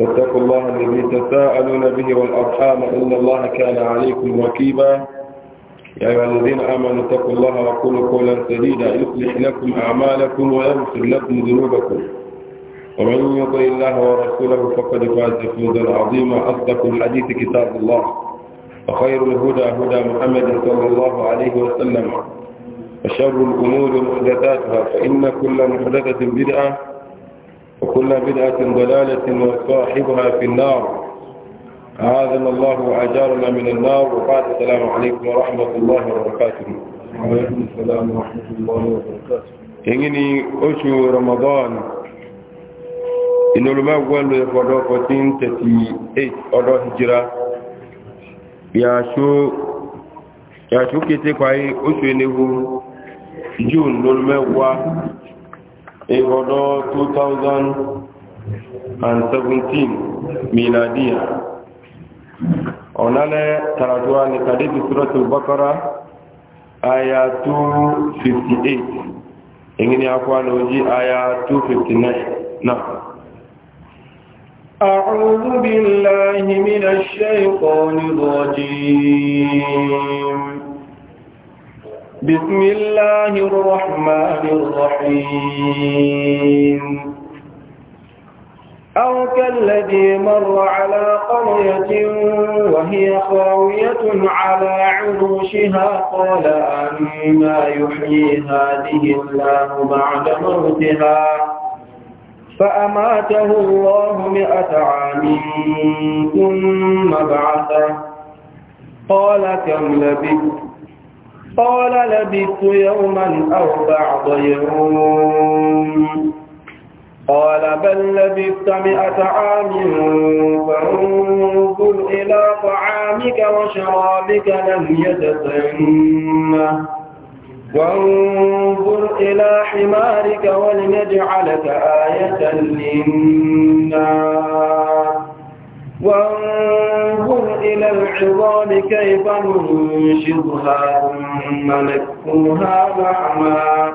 واتقوا الله الذي تساءلون به والأرحام إن الله كان عليكم ركيبا يا أيها الذين آمنوا اتقوا الله وقولوا قولا سديدا يصلح لكم أعمالكم ويغفر لكم ذنوبكم ومن يطع الله ورسوله فقد فاز فوزا عظيما أصدق الحديث كتاب الله وخير الهدى هدى محمد صلى الله عليه وسلم وشر الأمور محدثاتها فإن كل محدثة بدعة وكل بدعة ضلالة وصاحبها في النار أعاذنا الله وأجارنا من النار وبعد السلام عليكم ورحمة الله وبركاته وعليكم السلام ورحمة الله وبركاته إنني أشهر رمضان إن المغول يفضل 1438 أدو هجرة يا شو كتك أي أشهر نبو جون المغول ìgbọ̀dọ̀ 2017 miladiya ọ̀nálẹ̀ tàràtúwà ní kàdébì sọ́rọ̀tù bakara aya 258 ìgbìní akwà lójí aya 259 náà أعوذ بالله من الشيطان الرجيم بسم الله الرحمن الرحيم أو كالذي مر على قرية وهي خاوية على عروشها قال أما يحيي هذه الله بعد موتها فأماته الله مئة عام ثم بعثه قال كم لبثت قال لبثت يوما أو بعض يوم قال بل لبثت مئة عام فانظر إلى طعامك وشرابك لم يتسنه وانظر إلى حمارك ولنجعلك آية للناس وانظر إلى العظام كيف ننشرها ثم نكفوها لحما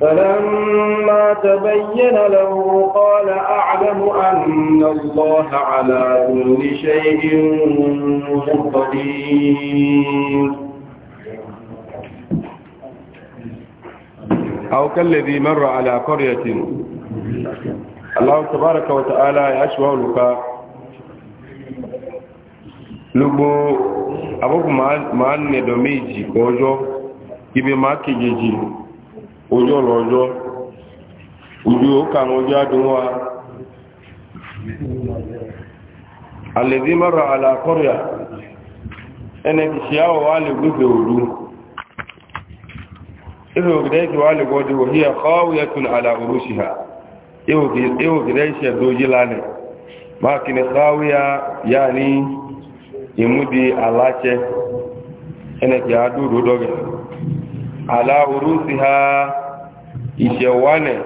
فلما تبين له قال أعلم أن الله على كل شيء قدير أو كالذي مر على قرية الله تبارك وتعالى يشبه لك lugbo aboku ma n nedo meji ọjọ́ ibi ma kejeji ọjọ́ lọ́jọ́ ojú ọkà ọjọ́ adúnwà alèdí mara alakọrìà ẹnẹ̀kì ṣíyàwó wà lè gúfẹ̀ òdú ihe ogidẹ́kì wà lè gọ́dí wòhí ẹ̀kọ́wẹ́tún alàorúṣìhà ihe ogidẹ́ ìṣẹ̀dójí lánẹ̀ máa kìnnẹ̀ sáwíyà yà ní ìmúdi aláṣẹ ẹnẹ̀kì àdúró dọ́gẹ̀ aláhùrú sí ha ìṣẹ̀wánẹ̀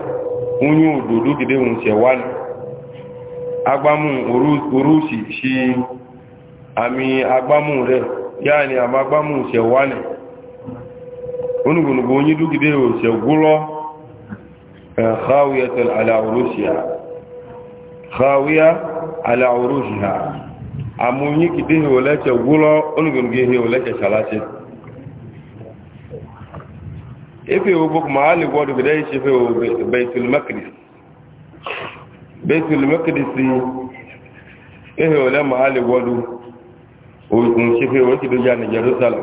oyún òdòdó gidé ohun ṣẹ̀wánẹ̀ agbámú orúṣì sí àmì agbámú rẹ̀ yáà ni àmà agbámú ṣẹ̀wánẹ̀ onígbònùgbò oyún dúgidé òṣẹ̀gúrọ́ ẹ̀háwíyẹ̀tẹ̀ aláhùrú sí ha amunyi kide hiwolɛtsɛ wulɔ olugonuge hiwolɛtsɛ tsalatsi efe wo bɔ kuma ali wɔ dogo ɖe etsi fe wo bɛtulimɛkiri bɛtulimɛkiri si ehe wòlɛ ma ali o ŋutsi fe wo esi do dza jerusalem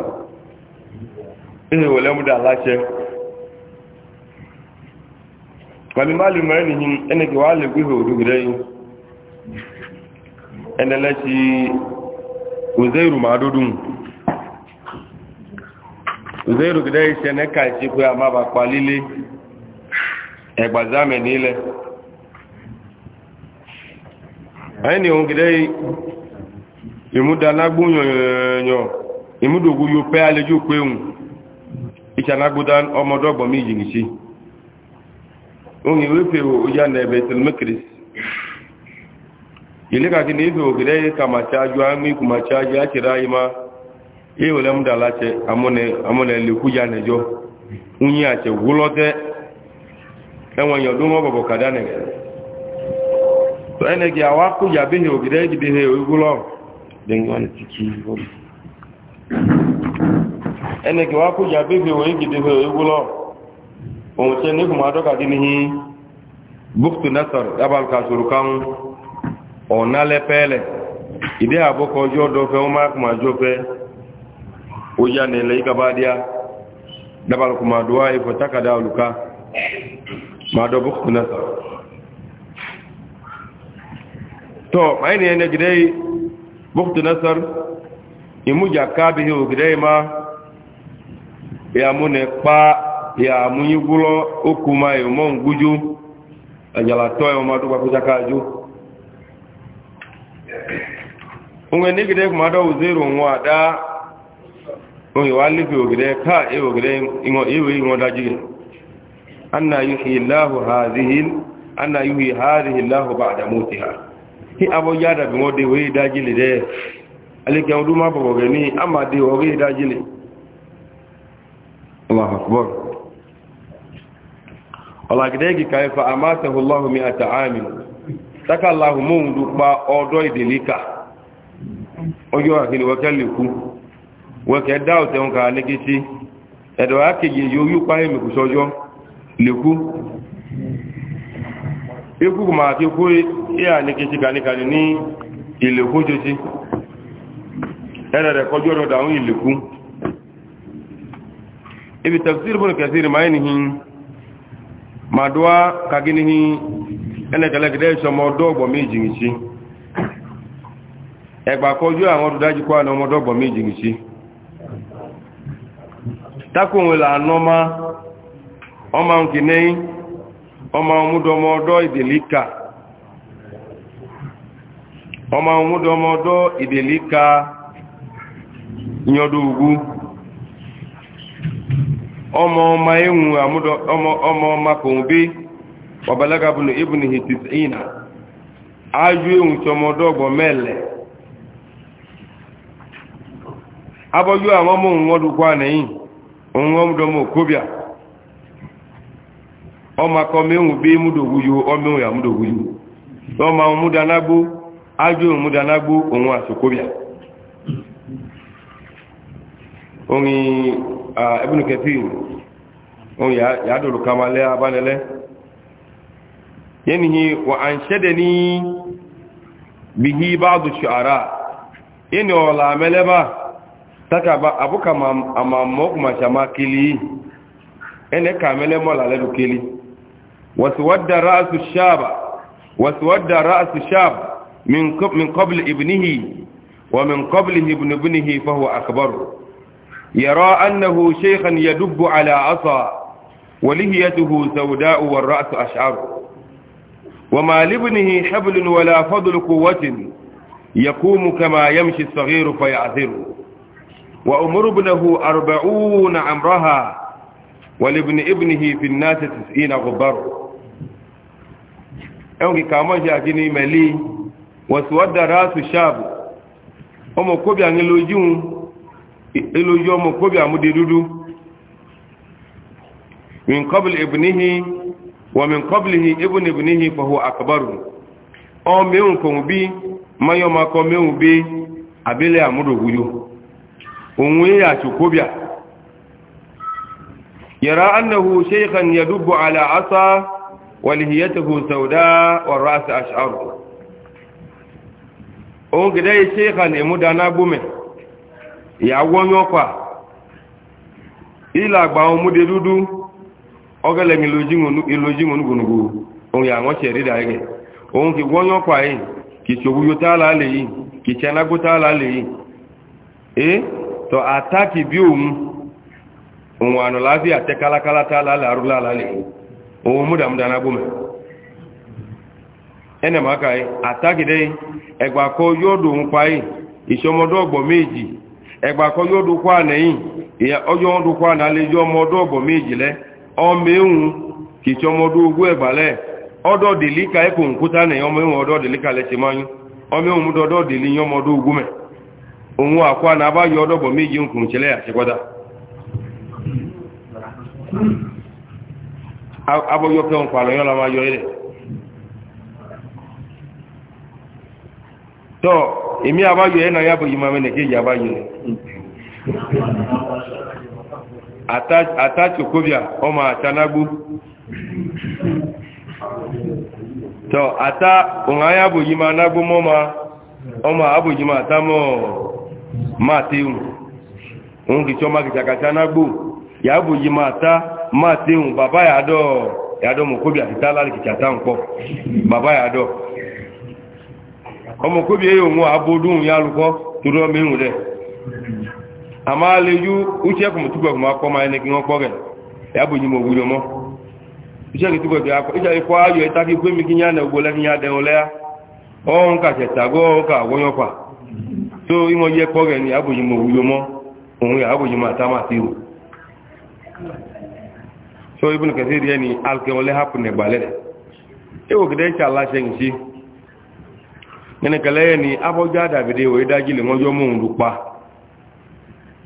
ehe wòlɛ mu da alatsɛ mami ma ali ma ɛni hin ihe ẹnẹlẹ́ṣì òzèrù máa dúdún òzèrù gẹ́gẹ́ iṣẹ́ nẹ́ka ìṣẹ́ pé a máa bá pa lílé ẹgbàzámẹ̀ nílẹ̀ ẹni ohun gẹ́gẹ́ ìmúdanágbó yọ̀nyọ̀nyọ̀ ìmúdògó yóò pẹ́ alẹ́jọ́ pé hùn ìṣànágbódá ọmọdọ́gbọ̀n méjì nìṣe ohun ìwé fèrò ó yá nà ile ka kini ife ogide ka ma chaju ami ku ma chaju achira ayi ma ye ole dala che amune amune ya nejo unyi tẹ wulote enwe yo dungo kada ne to ene gi awa ku ya bihi ogide gi bihi ogulo den gwan tiki vol ya ohun se ni ma doka ọ̀nà lẹ́pẹ́lẹ̀ ìdí àbọ́kọ̀ ọjọ́ ọdọ́fẹ́ wọ́n máa kùmà jọ fẹ́ ó yá ní ilẹ̀ ìkàbádíá dábàlùkùmà dùwá ìfọ̀ tákàdá olùká máa dọ̀ bókù náà tọ́ máa ní ẹni gidẹ́ bókù náà ìmújà káàbíhì ògidẹ́ ma ìyàmúnẹ̀ pa ìyàmúyígúlọ́ ó kú ma ìmọ̀ ń gújú onwe ni gide kuma da uzero nwa da onye wa lifi ogide ka e ogide ingo iwe ingo da jige anna yuhi lahu hadhihi anna yuhi hadhihi lahu ba'da mutiha hi abo yada bi ngode we da jile de alike ke ma bobo gani ama de o we da jile allah akbar allah gide gi kai fa amatahu allah mi'ata amin taka lahu mọ́hun ló pa ọdọ́ ìdèlíkà ọjọ́ àkílẹ̀ wọ́kẹ́ lè kú wọ́kẹ́ dá òtẹ̀hún ká lẹ́kẹ́sí ẹ̀dọ̀ akéje yóò yóò páyé mẹ́kù sọ́jọ́ lè kú ikú kò máa kí kú ìyà lẹ́kẹ́sí kaníkaní ní ìlẹ̀kú jẹ́sí ẹ̀rẹ̀ kọjọ́ ọdọ̀ dàún ìlẹ̀kú ibi tafsir bọ́n kẹsìrì máa ń nihin màdúwá kaginihin ẹnẹ kẹlẹ ọmọ ọdọgbọ méjì nìṣí ẹgbà kọjú àwọn àwọn ọmọ ọdọgbọ méjì ọmọ ọmọ ọdọ ìdèlíkà ọmọ ọmọdọmọ ọdọ ìdèlíkà nyọdọgwu ọmọ ọmọ ewu ọmọ ọmọ kòun bíi. wabalaga bunu ibnihi tis'ina aju ehun tọmọ dọgbọ mẹlẹ abọjú àwọn ọmọ òun ọdún kọ ọmọ akọ mẹhùn bí múdòwúyò ọmọ òun àmúdòwúyò lọmọ àwọn múdanágbó aju ohun múdanágbó òun àsòkóbíà òun ibùnú kẹfì òun yàá yanihi wa an shadani bihi ba'du shu'ara yani wala meleba taka ba abuka amma mokuma shama kili ene kamele mola ledu kili waswadda ra'su shaba waswadda ra'su shab min min qabl ibnihi wa min qablihi ibn ibnihi fa huwa akbar yara annahu shaykhan yadubbu ala asa ولهيته سوداء والرأس أشعره وما لابنه حبل ولا فضل قوة يقوم كما يمشي الصغير فيعثره وأمر ابنه أربعون عمرها ولابن ابنه في الناس تسئين غبر يونكي كما جاكيني ملي وسود راس الشاب ọmọ kóbi àwọn ilójú ilójú ọmọ kóbi àmúdé dúdú min kọbùl ìbìníhìn ومن قبله ابن ابنه فهو أكبر أو ميون كون ما يوم أكو ميون بي أبيلي أمره يو أموي أشكوبيا يرى أنه شيخا يدب على عصا ولهيته سوداء والرأس أشعره òun gẹ̀dẹ́ iṣẹ́ ìkànnì ìmúdanágbómẹ̀ ìyàwó yọ́pàá ìlàgbà ọmọdé dúdú oge mi loji ngunu iloji ngunu gunugu on ya ngo cheri da ege on ki wonyo kwa yi e. ki chobu yuta la le yi ki chana guta la le yi e to ataki bi um on wa no ate kalakala kala ta la la rula la le o mu da mu na gume ene ma kai e, ataki de egba ko yodo un kwa yi e. isomodo ogbo meji egba ko yodo kwa na yi iya oyo na le yo modo ogbo meji le ọmọ-ihun kì í ṣọmọdún ogó ẹ̀bàlẹ̀ ọdọ́dìlí káẹ́kù nkúta ní ọmọ-ihun ọdọ́dìlí kalẹ̀ ṣe máa yún ọmọ-ihun mú dọ́dọ́dìlí yọmọdún ogó mẹ́ ohun àkọ́ anábá yọ ọdọ́bọ̀ méjì ń kùn ṣẹlẹ̀ àṣẹkọ́dá abọ́yọ́kẹ́ atachukubia ọmọ àtanagú tọ ata òun ayé abòyí ma nágbó mọ́ ma ọmọ abòyí ma ta mọ́ máa tíhùn òun kìí ọmọ kìtàkàtà nágbó yà abòyí ma ta máa tíhùn bàbá yàdọ́ yàdọ́ mọ̀kóbi àtìtá láti kìtàkàtà ń pọ̀ bàbá yàdọ́ ọmọkóbi èyí òun àbòdún yálùkọ́ tó rọ́ mẹ́rùn rẹ̀ ama leju uche kuma tuba kuma ko ma ne kingo ko ge ya bu nyimo wujo mo uche ni tuba ga ko uche ko ayo eta ki kwemi kinya na ogola kinya de ole o nka che ka wonyo pa so imo ye ko ge ni abu nyimo wujo mo ohun ya abu nyimo ata ma so ibn kathir yani hapu ne bale e wo gede cha se nchi nene kale ni aboja davide wo idaji le ngojo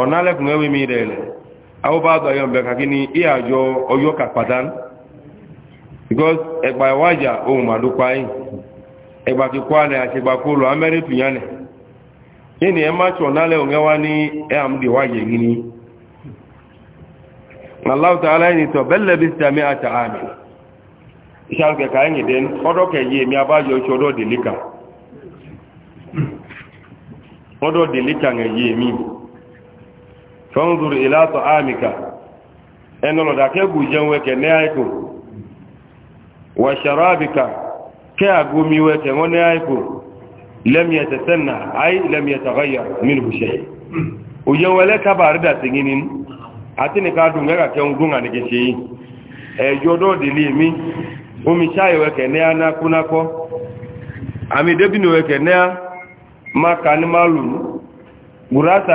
ọ̀nà alẹ́kùn ẹwé mi rẹ̀ rẹ̀ awọ́bàdọ̀ ayọ̀ bẹ̀rẹ̀ kàkí ní ìyàjọ ọyọ́ kàpàtán because ẹgbà ìwájà ohun màdúpa yìí ẹgbà kíkọ́ alẹ́ àṣẹgbà kóòlù amẹ́rìtù yánẹ̀ yìí ni ẹ má tọ̀ ọ̀nà alẹ́ òun ẹwà ní ẹ àmúdì wáyé yìí ni aláwùtà aláìní tọ̀ bẹ́lẹ̀ bí sàmì àtà àmì ìṣàǹkẹ̀kà ẹ̀yìn fanzur ila ta'amika ẹnlọ dàkẹ́ gù jẹun wẹ́kẹ̀ ní àìkò wà ṣàrábìkà kẹ́ àgómi wẹ́kẹ̀ wọ́n ní àìkò lẹ́mìẹ̀tẹ̀ sẹ́nà àì lẹ́mìẹ̀tẹ̀ ọ̀yà nínú ṣe òyẹ̀wẹ́lẹ́ kábàárí dà sí yìí nínú àti nìkan dùn gẹ́gà kẹun gún àníkẹ́ ṣe yìí ẹ̀jọ́ dọ́ọ̀dìlé mi omi ṣáyẹ̀wẹ́kẹ̀ ní anákúnákọ́ àmì débìnìwẹ́kẹ̀ ní a máa kà ní máa lù gùrásà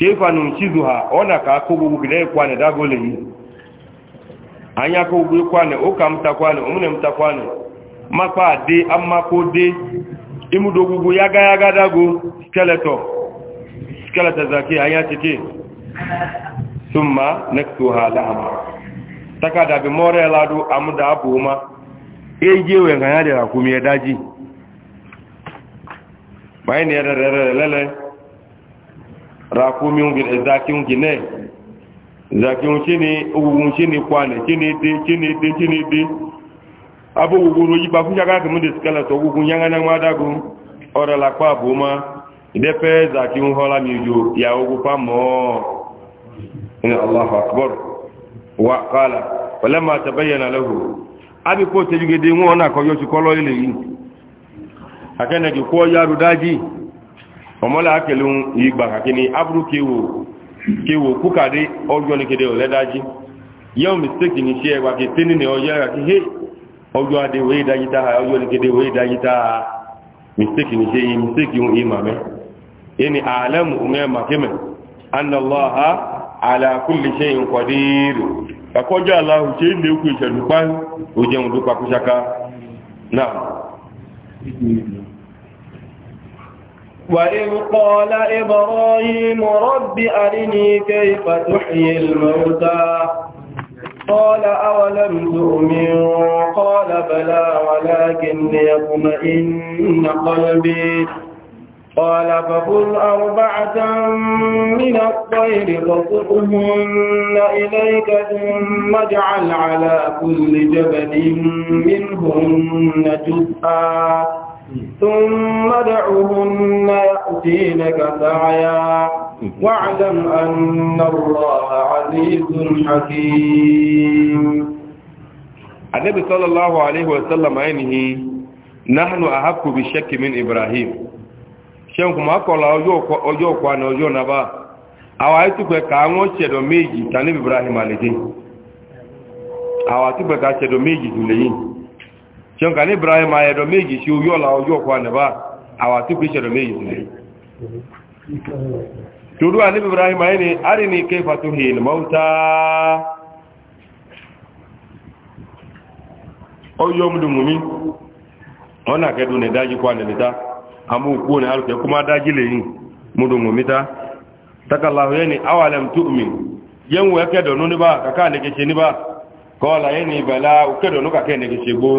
keefanu nchizu ha ọ na ka akụgbogbo gide kwane dagole yi anya akụgbogbo na ụka mtakwane omune mtakwane makpa adị amako dị imudogbogbo ya ga aga dago skeleto skeleto zaki anya chike summa nekto ha lahama taka dabi mọrịa ladu amụda abụ eji ewe ya dịra kwumie daji na-erere lele rakumi ngire zaki ngine zaki ngini ugu ngini kwane ni de ngini de ngini de ugu ba de skala to ugu nyanga na la kwa buma pe zaki ya ugu pamo inna allahu akbar wa qala walamma tabayyana lahu abi ko de ngona ko yo kolo ile ọmọlá akẹlẹ ń ìgbà kàkíní aburú kéwò kéwò kúkàdé ọjọ́ ní kéde ọ̀lẹ́dájí yẹ́wò mistake ní ṣe ẹgbà kí tẹ́ni ní ọjọ́ ẹgbà hey ọjọ́ adé wòye dájí ọjọ́ ní kéde wòye dájí mistake ní ṣe yìí mistake ń ìmà mẹ́ ẹni àlẹ́mù ọmọ màkẹ́mẹ́ análáha alákùnlé ṣe وإذ قال إبراهيم رب أرني كيف تحيي الموتى قال أولم تؤمن قال بلى ولكن ليطمئن قلبي قال فخذ أربعة من الطير فصقهن إليك ثم اجعل على كل جبل منهن جزءا ثم دعهن يأتينك سعيا واعلم أن الله عزيز حكيم النبي صلى الله عليه وسلم عينه نحن أحق بالشك من إبراهيم ṣẹ́nkù máa kọ̀ọ̀lá ọjọ́ òkú àni ọjọ́ nàbá àwọn àìtùpẹ̀ ká wọ́n ṣẹ̀dọ̀ méjì tàní ibrahim àlèdè àwọn àtùpẹ̀ ṣẹ̀dọ̀ méjì jùlẹ̀ yìí ṣẹ́nkà ní ibrahim ayẹ̀dọ̀ méjì ṣe orí ọ̀la ọjọ́ ọkọ̀ ànàbá àwàtí kìí ṣẹ̀dọ̀ méjì sílẹ̀ torí wà ní ibrahim ayẹ́ ni ari ni kẹfà tó hì ní mọ́ta ọjọ́ múdùmùmí ọ̀nà kẹ́dùn ní dájí kọ́ ànàbíta amókú ní alùpẹ̀ kó má dájí lẹ́yìn múdùmùmí ta takaláhù yẹ́ ni awàlẹ̀m tó mi yẹ́nwó ẹkẹ́dọ̀ ní bá kàkà ní kẹ́ṣe ní bá kọ́ ọ̀la yẹ́ ni ìbẹ̀lá òkẹ́dọ̀ ní kàkẹ́ ní kẹ́ṣe gbóó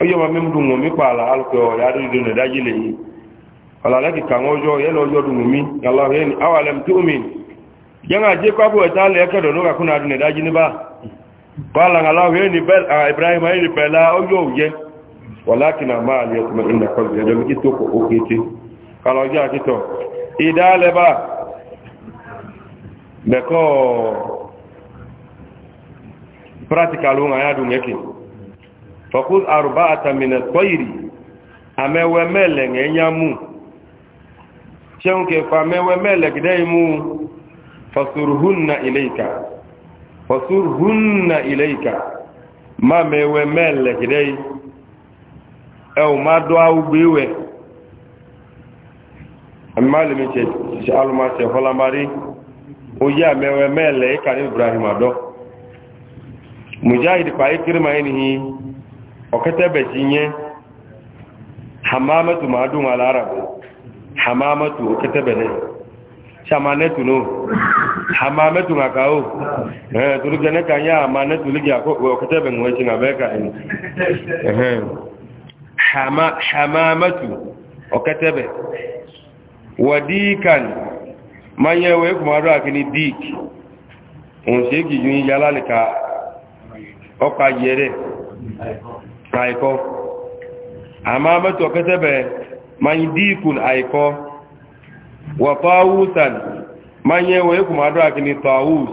oye wa mi dungu mi kpala alukɛ ya do do ne daji le yi wala lɛ kika ŋɔ yɔ yɛlɛ yɔ dungu mi alahu yɛ ni awa lɛm tu mi yɛŋa je kpa bo ɛta lɛ kɛ do do ka kuna do ne daji ne ba kpala alahu yɛ ni bɛl aa ibrahim yɛ ni bɛla oyɔ yɛ walakina ma ali yɛ tuma ina kɔli yɛ dɔmi ito ko o kete kala ɔjɛ akitɔ ida lɛ ba mɛ kɔɔ pratikalo ŋa ya do ŋɛ kɛ fakuz arba'ata min at-tayri amewe mele ngenyamu chonke kwa mewe mele gidaimu fasurhunna ilayka fasurhunna ilayka ma mewe mele gidai au ma doa ubiwe amali meche shalma se holamari oya mewe mele kan ibrahim ado mujahid kwa ikrima inhi o ketebe hamamatu nye hamaa hamamatu tu ne shamanetu a hamamatu ma eh, tu o ketebe ne caman na tunu hamaa ma tu na kanye hamaa hamamatu eh, eh. tunu wadikan manye wee kuma o ketebe ni dik a bee ka e no onse gi yaala li ka o ka ka ikọ amma mẹ́tọ̀ kẹsẹ̀bẹ̀ man díkùn àikọ wà tawusan man yẹ wọ́n ikú máa dọ́ra kìíní tawus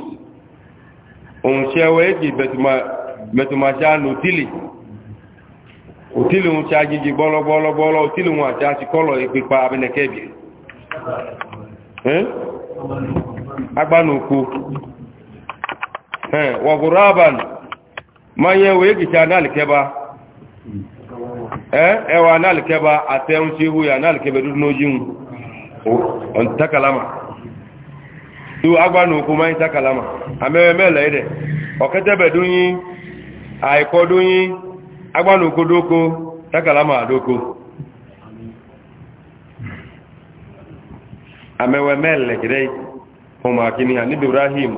òun ṣe wọ́n ikú mẹ́tùmáṣá nù tílì òtílì ń ṣe ajíjì gbọ́lọ́gbọ́lọ́gbọ́lọ́ òtílì ń àti àti kọ́lọ̀ ìpípa abẹnẹkẹ́bì agbánukú wọ̀gùrábàn ma yẹ wọ́n ikú ṣe adáàlì kẹba ẹwà náà kẹba àtẹ́rún tí ó yà náà kẹbẹ̀ dúdú lójíun ọ̀ntákàlámà tó agbánù okú máa ń tákàlámà àmẹ́rẹ mẹ́lẹ̀ ẹ̀dẹ̀ ọ̀kẹ́tẹ́bẹ̀ dúnyí àìkọ́ dúnyí agbánù okú dóko tákàlámà àdóko àmẹ́rẹ mẹ́lẹ̀ kẹ́dẹ́ ọmọ àkíní àníbìbrahim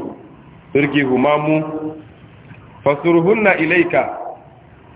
torí kí hùmámú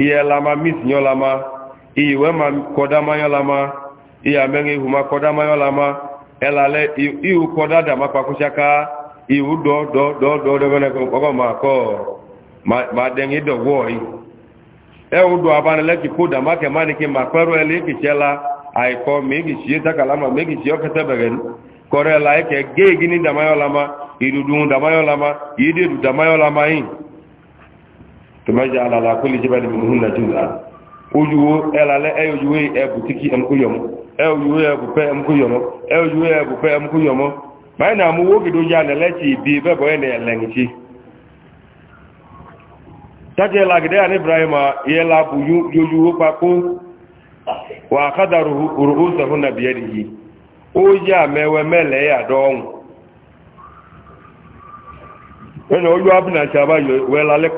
iye lama mis nyo lama iye wema koda manyo lama iye amenge huma koda manyo lama elale iu koda dama kwa kushaka iu do do do do do wene kwa ma ko ma, ma dengi do woi e udo abana leki kuda make mani ki makwero ele ki chela aiko megi chie takalama megi chie oketebegen kore la eke gegi ni dama yo lama idudun dama yo lama idedu dama yo lama yin tumaja ala la kulli jibali minhunna juz'a ujuwo elale e ujuwe e butiki am kuyomo e ujuwe e bupe am kuyomo e ujuwe e bupe am kuyomo mu na bi be bo ene taje la gide an ibrahima ye la bu wa o mewe mele ya don ene ojo bụ chaba yo wela le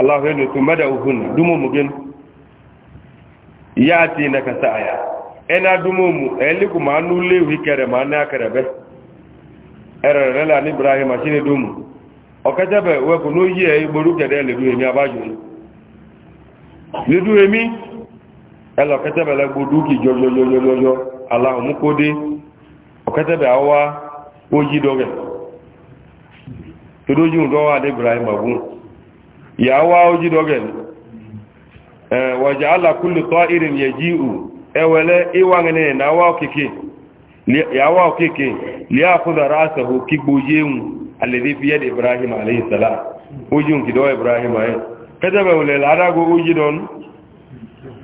Allahu yana to madawhun dumo mu gen yati na ka saya ena dumo mu eliku ma nu lewi kere ma na kere be erere la ni Ibrahim asine dumo okajabe we ko no ye igboru kere le du emi abaju le du emi elo ketabe la gbodu ki jojo jojo jojo Allah mu kode oketabe awa oji doge to doju do wa de Ibrahim abun ya wa oji dogen eh waja ala kulli ta'irin yaji'u ewele iwangene na wa kiki ya wa kiki liyakhudha ra'sahu kibujin alladhi fi yadi ibrahim alayhi salam ujun kido ibrahim ay kada ba wala go uji don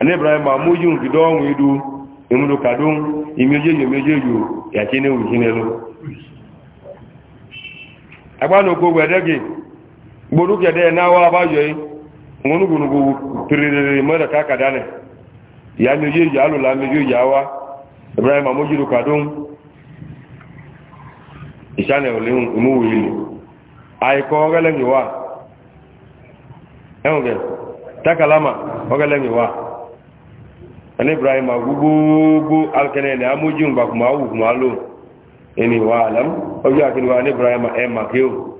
ani ibrahim amujun kido ngidu imudu kadun imejeju imejeju ya chine ujinelo agbanu ko gwedege gbonuke da na wa ba yoyi ngunu gunu gu pirire mara ka ka dane ya mi ye ya lula mi ye ya wa ibrahim amojiru kadun isane ole mu wili ai ko gele ni wa enwe takalama o gele ni wa ani ibrahim agugugu alkene ne amojiru ba kuma wu kuma lo eni wa alam o ya kini wa ani ibrahim e makeu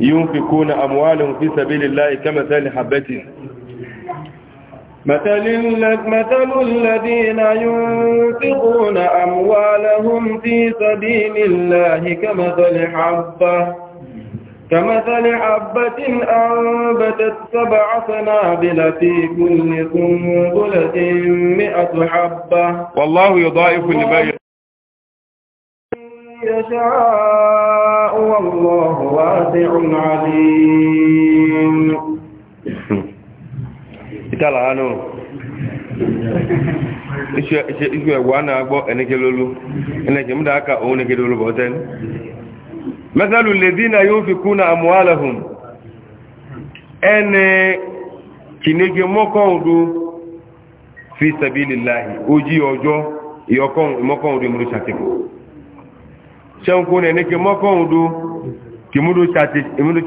ينفقون أموالهم في سبيل الله كمثال حبة مثل, مثل الذين ينفقون أموالهم في سبيل الله كمثل حبة كمثل حبة أنبتت سبع سنابل في كل سنبلة مئة حبة والله يضاعف لبيت يشاء والله واسع عليم ìtàlà ánú iṣu ẹ̀wà náà na ẹnikẹ́ lólú ẹnikẹ́ múdá aka òun ní gẹ́dẹ̀ olóbọ̀ tẹ́ni mẹ́sàlù lè dínà yóò fi kú na fi sàbílì láàáì ojí ọjọ́ ìyọkàn ìmọ́kàn òdó ìmúrú ṣẹ́nkú ní ẹnikẹ mọ́kànlú kí múlù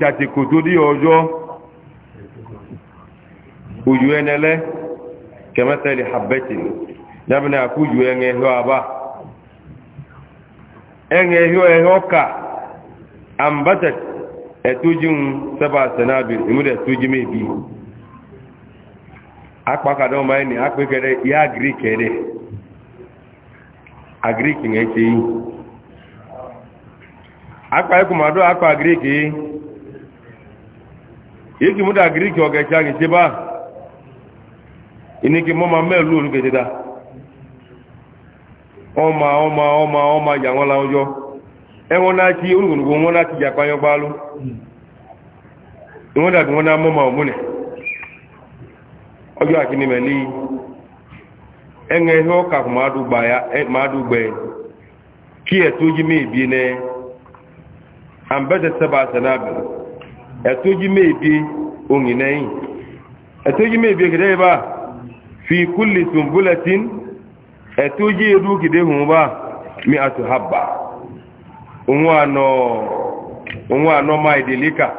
ṣàti kò tó dí ọjọ́ ojú ẹnẹlẹ́ kẹmẹ́tẹ̀lì habbetin lábínà àkójú ẹ̀yẹ ẹ̀họ́ àbá ẹ̀yẹ ẹ̀họ́ ẹ̀họ́ ka ambatet ẹ̀tójíun sẹ́bà sẹ́nàbìn ìmúdẹ̀ ya mẹ́bí ya ya akpa ekwomado akpa grik igi muda grik gị chebe a iniki mọma melu olugededa ọma ọma ọma ọma ya nwala ụjọ enwe na-achị nwe na-achị ji akpanye ụgbọalụ enwedabi nwe na omune ọjọ aki n'ime n'iyi enwe ihe ụka kwụmadụ e gbe ki etu ji n'ee ambede saba sanabi etoji mebi onginai etoji mebi gide ba fi kulli sumbulatin etoji edu gide hun ba mi atu habba onwa no onwa no mai delika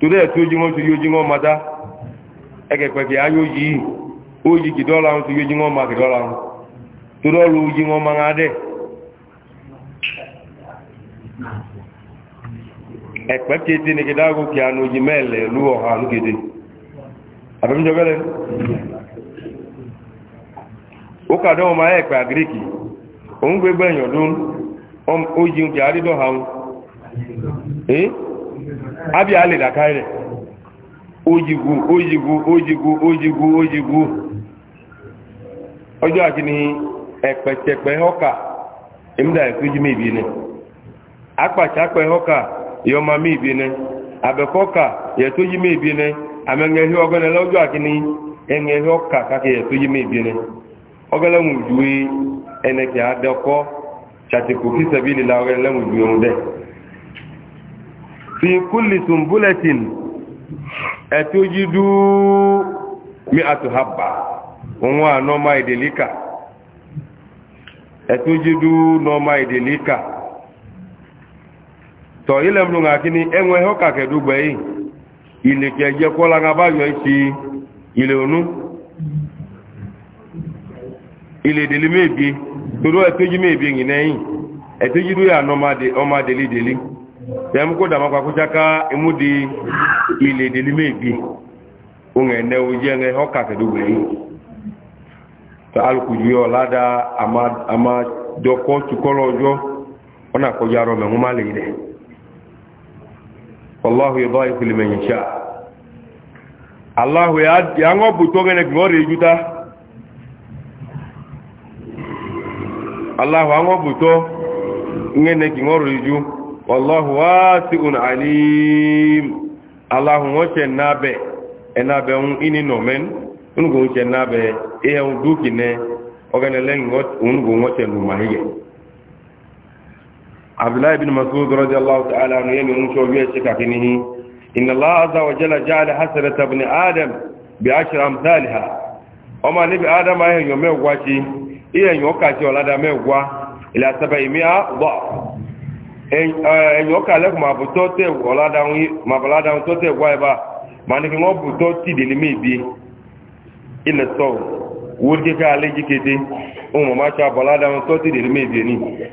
tude etoji won tu yoji won mada ege pe ki ayo oji gidola won tu yoji won ma gidola won tudo lu yi won ma ngade ẹ̀pẹ́ kéde ní kí dágún kí anú mẹ́lẹ̀ lú ọ̀hà ló kéde àbẹ́mjọ gẹ́lẹ́ ó kàdọ́ ọmọ ẹ̀pẹ́ àgíríkì òun gbégbé èèyàn ló ó yí oúnjẹ àrídọ́ha ń eh ábí alè dàkà rẹ̀ ójìgú ójìgú ójìgú ójìgú ójìgú ọjọ́ àkíní ẹ̀pẹ̀tẹ̀pẹ̀ ọkà ẹ̀kú jí ni ọkà yọma mi ibine abẹ́kọ́ka e mi ibine amẹ́ngẹ́hí ọgọ́nẹ́ lọ́jọ́ àkíní ẹ̀ngẹ́hí ọkà mi ibine ọgọ́lẹ́wùn ìdúwé ẹnẹkẹ́ adẹ́kọ́ ṣàtìkù fi sẹ́bí lílá ọgọ́lẹ́wùn ìdúwé ọ̀hún dẹ́ fi kúlì tún búlẹ̀tìn ẹ̀tọ́ yí dú mi àtúhàbà òun à nọ́ọ̀mà ìdèlíkà ẹ̀tọ́ yí dú nọ́ọ̀mà ka. tọ ilẹ̀ mú ŋà kíní ẹ̀wọ̀n ẹ̀họ́ kàkẹ́dù gbẹ̀yì ìlẹ̀kẹ̀ jẹ́ kọ́lá ŋà bá yọ ìsì ilẹ̀ ònú ilẹ̀ ìdèlí méèbí torí ẹ̀tọ́jú méèbí yìí nẹ́yìn ẹ̀tọ́jú dúró ọmọ kó dàmọ́ ilẹ̀ ẹ̀nẹ́ ẹ̀họ́ alùpùpù má lè wallahu yudhaifu liman yasha allah ya ya ngobu e to ngene ngori juta allah wa ngobu to ngene ngori ju wallahu wasi'un alim allah nabe enabe un ini nomen un go ngoche nabe e un dukine ogene lengo un go abdullahi bin masud radiyallahu ta'ala anhu yemi mun so biye kinihi inna allah azza wa jalla ja'ala hasrata ibn adam bi ashri oma ni adam ayi yo megwa iye yo ka olada megwa ila sabai mi'a dha en eh, yo le ma bu te olada un ma olada un ma to ti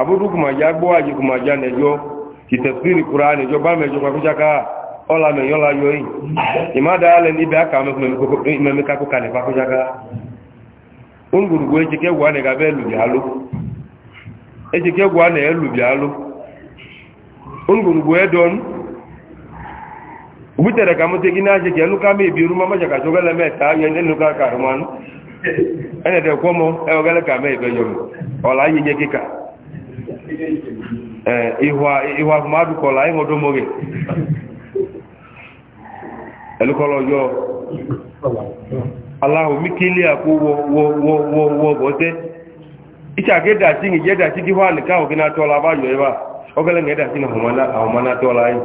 abudu kuma ja gbọ́ àjì kuma ja nẹjọ́ ìtẹ̀sírì kura nẹjọ́ bá mẹjọ́ pàkúṣáká ọlá mẹyọ́ la yọ yìí ìmádà alẹ́ níbẹ̀ aka mẹ́mí kakó kalẹ̀ pàkúṣáká ó ń gbùrùgbò ẹjì kẹwàá nẹ̀ gabẹ́ lùbì aló ẹjì kẹwàá ka lùbì aló ó ń gbùrùgbò ẹdọ́n òbítẹ̀rẹ̀ kàmútẹ́gí náà ṣe kẹ́nu ìwà àkùnmádù kọlá ìwọ̀n tó mọ́gẹ̀ ẹlùkọlọ yọ aláhùnmí kí ilé àkó wọ́wọ́wọ́wọ́tẹ́ ìṣàgédà sí ìjẹ́dà sí kíwà nìká òkínà tọ́lá na yọ ẹwà anyị. ẹ̀dà sí àwọ̀mọ́ná tọ́lá yìí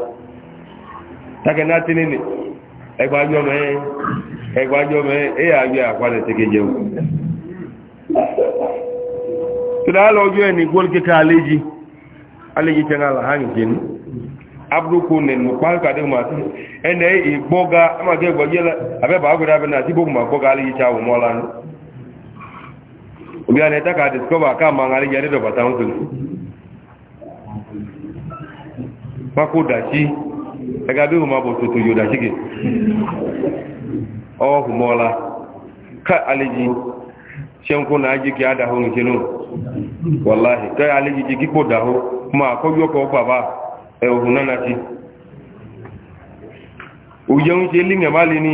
tákẹ́ná tí nínú ẹgbàájọ́ mẹ́ ẹgbàájọ́ mẹ́ kìdá lọ́jọ́ ẹni góòlù kíkà àléjì àléjì tẹ́ ńlá hàn jẹ́nu abúrúkú nẹ̀nù pàákàdé mọ̀ àti ẹnẹ̀ ìgbọ́gá ẹmàgé ìgbọ́gẹ́ abẹ́bà ágbẹ̀rẹ̀ abẹ́nà àti bókùn mà gbọ́gá àléjì tí a wò mọ́ lánà òbí àná ẹ̀ta kà dìskọ́bà káàmà àléjì àdédọ̀ bàtà ń tòlù pákó dàtí ẹgá bí òun bọ̀ tòtò yóò dàtí kì ọ́ ṣẹ́nkó náà jí kí á dáhó ní kínú wàláhì tẹ́ alẹ́jì jí kíkò dáhó ma kọ́jọ́kọ́ bàbá ẹ̀hùn náà ti òjẹun ṣe lè mẹ́bá lè ní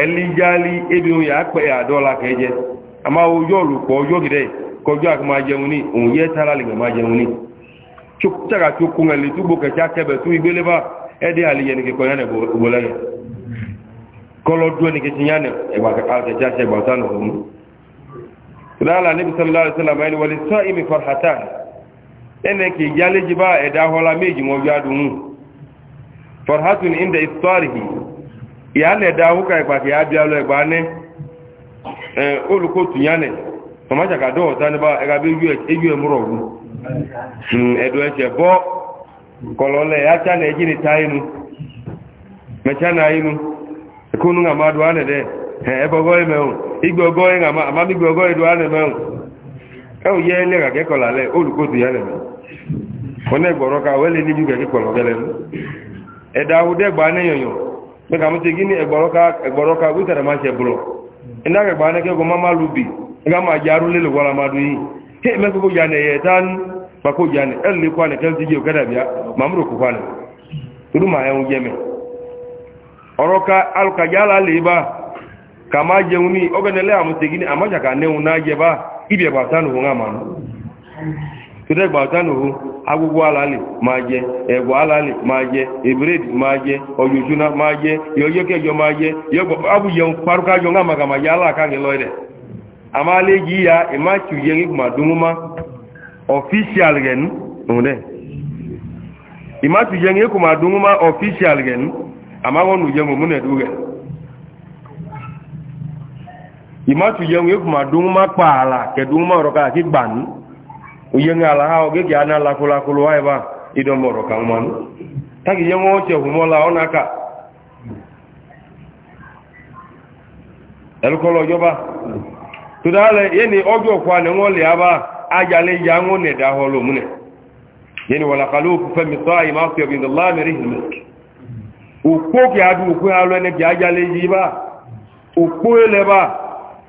ẹ̀líjálí ebi ohun yà pẹ́ àdọ́la kẹjẹ a máa ojú ọ̀lùpọ̀ ojú ọ̀gẹ̀dẹ̀ kọjọ́ àkọmá jẹun ní òun yẹ́ tara lè mẹ́bá jẹun ní ṣàkà tó kún ẹ̀lẹ́ túgbò kẹta kẹbẹ̀ tó igbélé bá ẹ̀dẹ́ àlẹ́yẹ kọlọ́dún ẹni kẹta yánà ẹgbà kẹta ṣẹgbà sánà òun lala nabi sallallahu alaihi wasallam ayi wali sa'imi farhatan ene ki yaleji ba e da hola meji mo yadu mu farhatun inda iftarihi ya le da hu kai pa ki abi alo e gba ne eh oluko tuyane o ma jaka do tani ba ya cha na na inu kunu nga madu ẹbọgọ́ ẹmẹ̀hùn igbọgọ́ ẹ̀hùn àmàmígbọgọ́ ẹ̀dọ́ alẹ́mẹ̀hùn ẹ̀hùn yẹ ẹlẹ́gà kẹ́kọ̀ọ́ lálẹ́ olùkóòtù yẹ alẹ́mẹ̀ wọn ẹgbọ̀rọ̀ ká wẹ́lẹ̀ níbi kẹ́kọ̀ọ́ lọ́gẹ́lẹ́ ẹ̀dá awúdẹ́gbà anẹ́yọ̀yọ̀ pẹ̀ka mo ti gí ní ẹgbọ̀rọ̀ ká wíkẹ̀rẹ̀ máa ṣe bùrọ̀ iná kẹgbà anẹ́kẹ́kọ̀ọ́ má má lu bì ẹgbà e máa ya arú lélẹ̀ wọ́n la máa dún yìí kí ẹ̀mẹ́ kókó ya nẹ̀ yẹ̀ tán pàkó ya nẹ̀ ẹ̀lẹ́ e kó anẹ̀ kẹ́lẹ́ ti yé òkẹ́dà bíá màmúrò kó kó anẹ̀ torí màá ẹ̀hún yẹmẹ̀ ọ̀rọ̀ ká alùkàjá alálẹ̀ bá kama jẹun ní ọgbẹ̀nẹ̀lẹ́ àmútegi ní àmọ́ṣàkà nẹ́un náà jẹba ibi ẹgbà tánùhù ń àmà tó dẹ́gbà tánùhù agogo alálẹ̀ máa jẹ ẹ̀gbọ́ alálẹ̀ máa jẹ ebred máa jẹ ọjọ́júná máa jẹ yọyọkẹjọ máa jẹ abúyẹun parukájọ ń àmà kàmà yẹ aláàkáàkì lọ rẹ̀ àmà alẹ́ yìí ya ìmáàkì yẹ ìgbìmọ̀ dúnmọ́ ọ̀fíṣíàl gẹ̀nu imatu yeŋ ye kuma duŋ ma kpaala ke duŋ ma roka ki gban o yeŋ ala ha o ge ke ana lakulakulu waye ba ido mo roka umanu taki yeŋ o che humo la ona ka el kolo joba tudale yeni ojo kwa ne ngoli aba ajale yango ne da holo mune yeni wala qaluku fa misai ma fi bin allah mirih misk o ko ke adu ko alo ne ke ajale yiba o ko eleba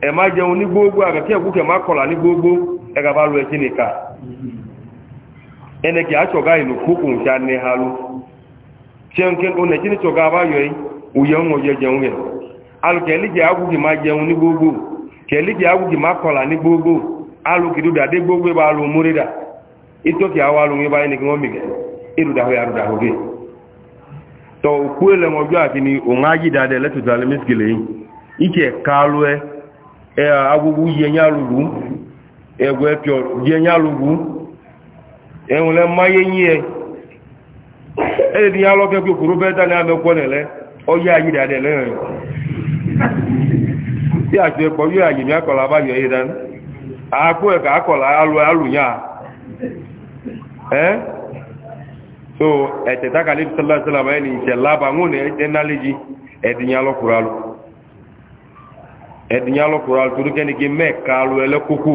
ẹ̀má jẹun ní gbogbo àgbẹ̀kí ẹ̀kú kẹ̀ má kọ̀lá ní gbogbo ẹgbà bá lu ẹ̀kí nìka ẹnẹ kì á ṣọ̀gá ìlú kókùn ṣá ní halu ṣẹ́nkẹ́ ọ̀nà kí ní ṣọ̀gá abáyọ̀ yìí òye ń wọ̀nyẹ jẹun yẹn alùkẹ́lì jẹ́ gbogbo kẹ́lì tọ ni òun á lẹ́tùtù yìí ẹ́ agwụgwụ yi enye alụgwu egwe pịọ e enye alụgwu enwere mmanya enyi ya edị ya alọka ekwe kwuru beda na na-ele oyi anyị dị adịle ya ya achọ ekpọ yi anyị mịa kọla abaghị oyi dan akpụ ka akọla alụ alụ ya eh so ẹ̀tẹ̀ta kàlẹ́bí sọ́lá sọ́lá báyìí ni ìṣẹ̀lá bá ń ji. ní ẹ̀nálẹ́jì alụ lọ́kùnrin alụ. ẹ̀dìyàn lọ́kùnrin alùtòrókẹ́ni kí mẹ́ẹ̀ka alù ẹlẹ́kókó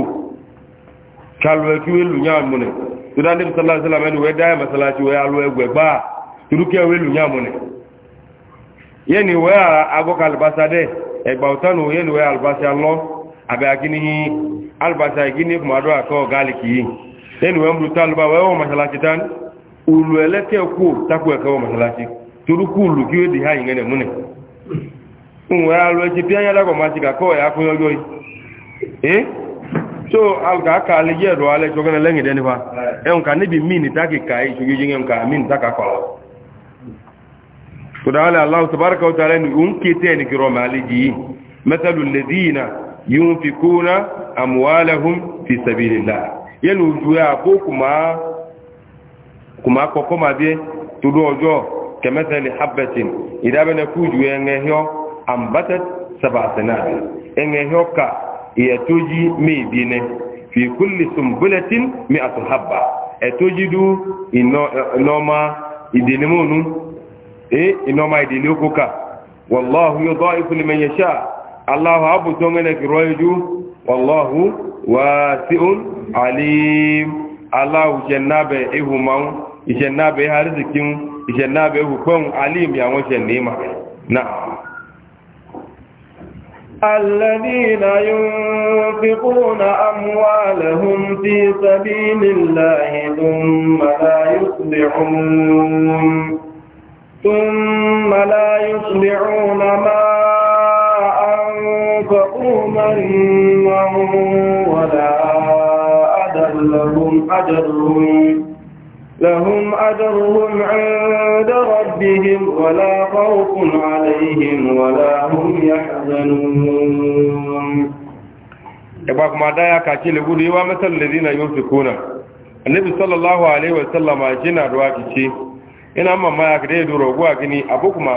kálù ẹ̀kí wẹ́lù yàn múnẹ̀ tó dáńdé mọ́sálásílá mẹ́nu wẹ́ dáyà mọ́sálásí turu alù ẹgbẹ̀ gbá torókẹ́ wẹ́lù yàn múnẹ̀ yẹ́ni wẹ́ agọ́ka alùbásá albasi ẹgbà òtánu yẹ́ni wẹ́ alùbásá lọ àbẹ́ akíní nwe alụ echi pịa anya dagwa masị ka kọọ ya afụ yogo ee so alụka aka alị ji erụ alị chọgana ele ngede nịkwa enwụka nebi min taki ka ichugi ji nka min taka kọla ambatat sab'a sanabil enge hokka iyatoji mebine fi kulli sumbulatin mi'atu habba etojidu ino inoma idilimunu e inoma idiliokuka wallahu yudha'ifu liman yasha allahu abu tongene kiroju wallahu wasi'un alim allahu jannabe ihumaun ijannabe harzikin ijannabe hukun alim ya won jannima na'am الذين ينفقون أموالهم في سبيل الله ثم لا يصلحون ثم لا يصلحون ما أنفقوا منهم ولا أدل لهم أجرهم لهم أجرهم عند ربهم ولا خوف عليهم ولا هم يحزنون يبقى ما دايا كاكيل يقول يوا مثل الذين ينفقون النبي صلى الله عليه وسلم جنا رواكي ina amma ma ya kire duro gwa gini abuku ma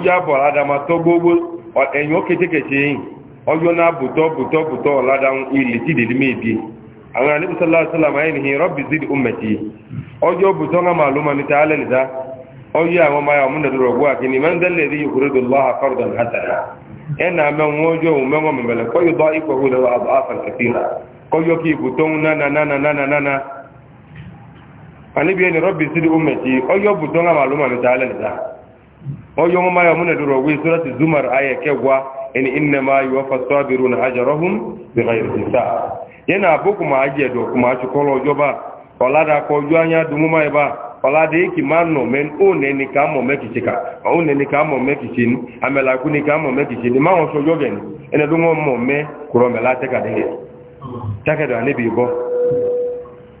ya borada ma to gogo o enyo ketekete yin ojo na àwọn àníbi sọlá sọlá máa ń hìn rọ́bì zid umẹ̀tì ọjọ́ bùtọ́ ńlá màá lóma ní tààlẹ̀ nìta ọjọ́ àwọn máa ọmọ nàdúrà ọgbọ́ àkíní máa ń dẹ́lẹ̀ èdè yòókù rẹ̀ lọ́ àfọ́rọ̀dà àtàrà ẹ̀ nà ẹni rọ́bì zid umẹ̀tì ọjọ́ bùtọ́ ńlá màá lóma ní tààlẹ̀ nìta yana abụ kuma ajedo kuma chukọrọ ọjọ ba ọlada ka ọjọ anya dumuma ịba ọlada eki ma nọ mẹ men onene ka mọ mekichi ka onene ka mọ mekichi ni amela kuni ka mọ mekichi ni ma wọn sọjọ gẹni ẹni bí wọn mọ mẹ kúrọ mẹla tẹkadẹgẹ tẹkadẹ anibi bọ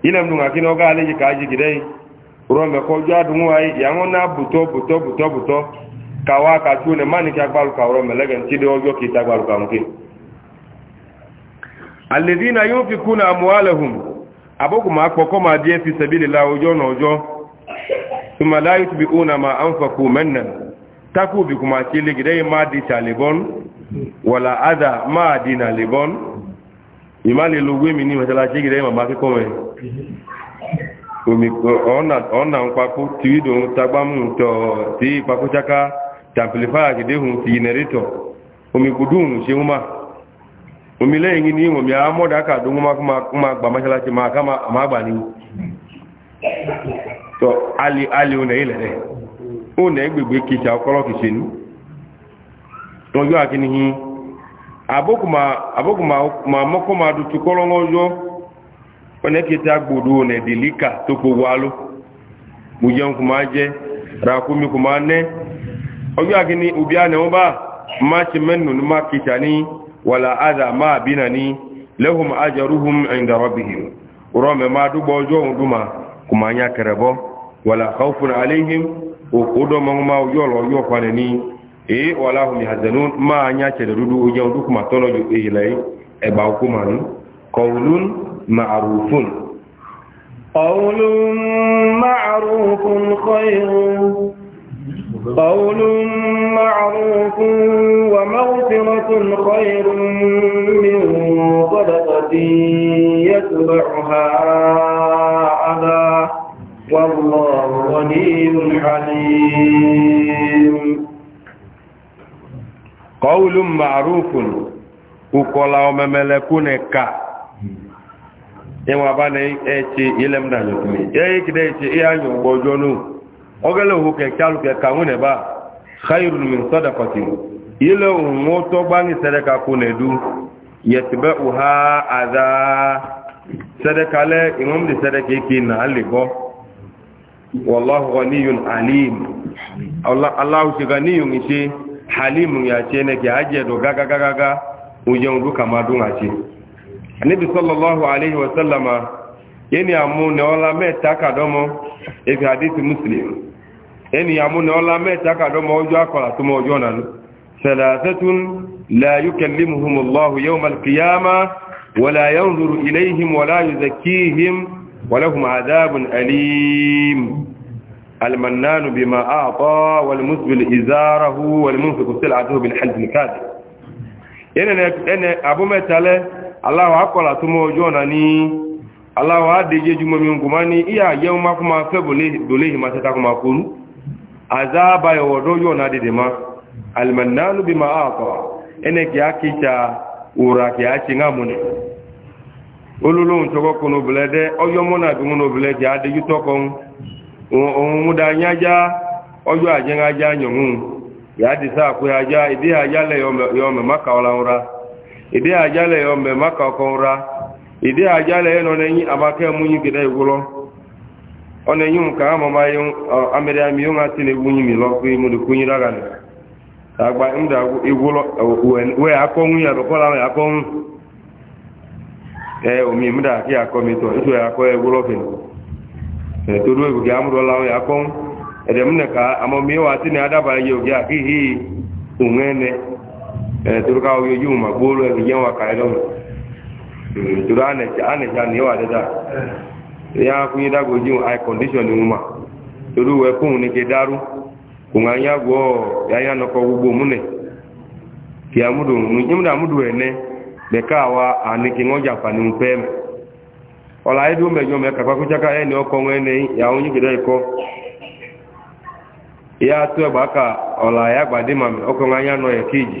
ilẹ̀ mdùn àkínú ọgá àlejì ká ajì gidẹ́ yìí kúrọ mẹkọ ọjọ adùnmú ayé ìyàwó náà bùtọ bùtọ bùtọ bùtọ kàwá kàtúnẹ má ní kí agbálùkà ọrọ mẹlẹgẹ ní tí dé ọjọ kìí tá agbálùkà nù kìí alèdínà yóò fi kúnà àmúhálẹ̀hùn àbókù máa pọ̀kọ́ máa díẹ̀ fi sẹ̀bílìlá ojú ọ̀nà ọjọ́ tó máa láyé tó bí ó na máa ń fọ̀kù mẹ́nà takú bí kò máa ṣe lè gẹ̀dẹ́ máa di tàlẹ̀bọ́n wọ̀là ádà máa di nàlẹ̀bọ́n ìmá lè lo wémi ní mẹ́tàláṣí gẹ̀dẹ́ máa kíkọ́ mẹ́ ọ̀nà pakó tí ìdò tagbámù tọ̀ tí pakó ṣáká tàmpìlífà gẹ̀dẹ́ hùn ti ìnẹ̀rẹ́tọ̀ omi kùdùn ṣe ń máa omile yin ni won mi amoda ka dun ma kuma kuma gba masalaci ma kama ma gba ni to ali ali o ne ile re o ne gbegbe kicha okoro kise ni won yo ma ma du tukoro ngojo one kita gbodu ne dilika to po walo mo jeun kuma je ra ku mi kuma ne ojo wala adha ma binani lahum ajruhum inda rabbihim urome ma dubo jo duma kuma nya kerebo wala khawfun alaihim uqudo ma yolo yo fanani e wala hum yahzanun ma nya cherudu ujo du kuma tolo jo ilai e ba kuma ni قول معروف ومغفرة خير من صدقة يتبعها أذى والله غني حليم قول معروف ukola omemelekune ka ịnwa ba na echi ilemda nyotumi ya ikide echi ogele hu ke chalu ke kangune ba khairun min sadaqatin ile unwo to gbani sadaka kune du yatba'uha adha sadaka le imam de sadaka ki na alibo wallahu ghaniyun alim allah allah ti ghaniyun ishi halim ya ce ne ke aje do gaga gaga gaga ujen du kama dun ace sallallahu alaihi wa sallama amu ne wala meta ka ifi hadisi muslim ẹni àmúnà ọlá mẹ́ta kàdọ́mọ ọjọ́ akọ̀lá tó mọ ọjọ́ nànú sẹ̀lẹ̀sẹ̀tún láyúkẹ̀lẹ́mùhùmùláhù yóò malkiyama wàlá yóò zuru iléhìm wàlá yóò zakihim wàlẹ́hùn àdábùn alim almannanu bi ma aatọ́ walmusbil izarahu walmunfiku sil'atuhu bil hajjin kadi ẹni abu mẹ́talẹ́ aláwọ̀ akọ̀lá tó mọ ọjọ́ nàní aláwọ̀ adéjé jùmọ̀ mi nkùmá ní azaba ya wado yo na dide ma almannanu bima aqa ene ki akicha ura ki nga mune olulu ntogo kuno blede oyomo na bi muno blede ade yutokon ohun muda nyaja ojo aje ngaja nyongu ya di sa ku aja ya aja le yo me maka ola ura ya aja le yo me maka okonra ya aja le no nenyi abake munyi kidai gulo ọ na ká mọ̀má amẹ́rẹ àmì yóò ti lè wúnyí mi lọ pé mo lè kúnyí lára nì àgbà ńdà ya wẹ́ akọ́hún yà lọ́kọ́ láwọn akọ́hún ẹ omi ìmúdà kí akọ́ mi tọ̀ nítorí akọ́ ẹwúlọ fẹ̀ ẹ̀ tó dúró ìgbòkè amúdọ̀ láwọn akọ́hún ẹ̀dẹ̀ múnẹ̀ ká àmọ́ mi ma tí ní adábàá yẹ òkè àkíhì òun ẹnẹ ẹ̀ tó ká ya fún yí dágbò jí àì condition ni mo ma torí wẹ fún ní ké dárú kò ń yàgbọ́ yáyá nọkọ gbogbo múnẹ̀ kí a múdò ń yí múdà múdò ẹ̀ ní bẹ̀ká wa à ní kí wọ́n jà fàánù pẹ́ mi ọ̀la ayé dúró mẹ́jọ mẹ́ka pápá kúchaka ẹ̀ ní ọkọ̀ wọn ẹni ìyá oyún kìdá ẹ̀kọ́ ìyá tó ẹ̀ bàákà ọ̀la ayé àgbàdé màmí ọkọ̀ wọn ayé àná ẹ̀ kéèjì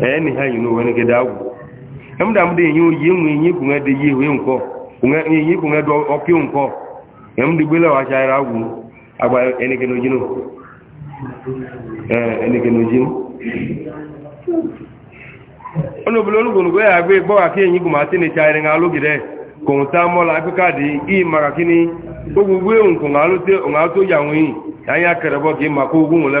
ẹni ha yìí ní wọn gẹ́gẹ́ dáwù ẹmúdà mú dẹ̀yìn òyìn ìwọ̀n èyí kò ń dẹ̀ yí ìwé nǹkọ́ èyí kò ń dẹ̀ ọkí nǹkọ́ ẹmúdà gbélé wàá ṣayẹra agba àgbà ẹnìkẹ́ni ojú nù ẹnìkẹ́ni olùgbòǹgbò gbọ́ àkí ẹ̀yìn ti ńlá mọ́lá akíkàdé gbogbo ọ̀nà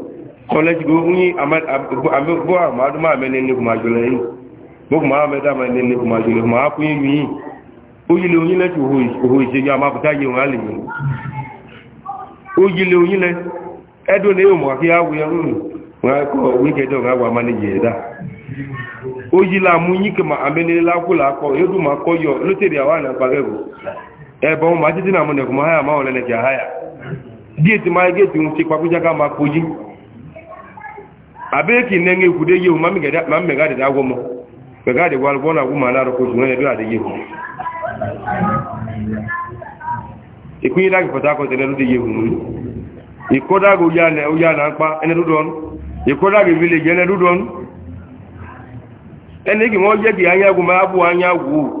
kọlẹ́jì gbogbo yín àgbẹ̀gbọ́ àmàdúmà mẹ́lẹ́ ní kùmà jùlọ yìí gbogbo máa mẹ́ta mẹ́lẹ́ ní le jùlọ máa kú yín yìí ó yí lé oyin lẹ́ tí òhò ìṣẹ́jú àmàkútà yìí wọn á lè yìí ụmụ yí lé oyin lẹ́ ẹ̀dùn ní ìmọ̀ kí á wù ya rùn wọn á kọ́ wíkẹ́dọ̀ wọn á wà má ní la abeki nenge kude yewu mami gada mami gada da gomo gada wal bona guma na ro ko juna ne bila de yewu ikunyi da ko ta ko tele lu de mu ikoda go ya ne o ya na pa ene rudon. don ikoda ge vile je ne ene ki mo je ki anya guma abu anya wu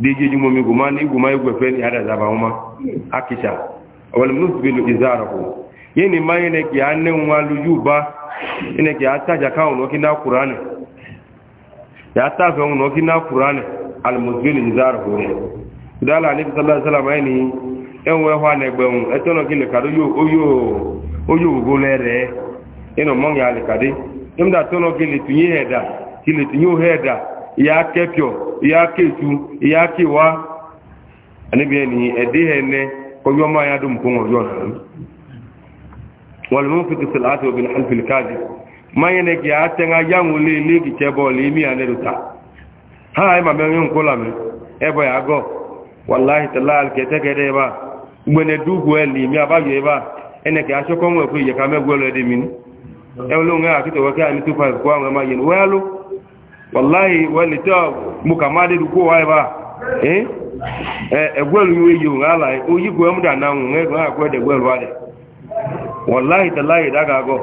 deji jumo mi guma ni guma yi gwefe ni hada zaba huma akisha wal musbilu izarahu yeni ma yene ki anne walu yuba yene ki ataja kaun no kina qur'ani ya ta fe no kina qur'ani al musbilu izarahu ni sallallahu alaihi wasallam na egbeun etono kile yo oyo oyo ino mon ya le kade imda tono kile tunyi heda kile heda ya kepio ya ketu ya kiwa anibi ni edihene ojo ma ya dum kun ojo na wal munfitu fil ati bil half a na ma yene ki atenga yangu le le ki chebo le mi ha ma me ngun kola ebo ya agọ wallahi tala al e ka megwo lo e lo nge akito wallahi wali ta muka ma de ko wai ba eh egwelu yi yo ngala o yi gwe mda na nwe ko akwe de gwelu ade wallahi tallahi daga go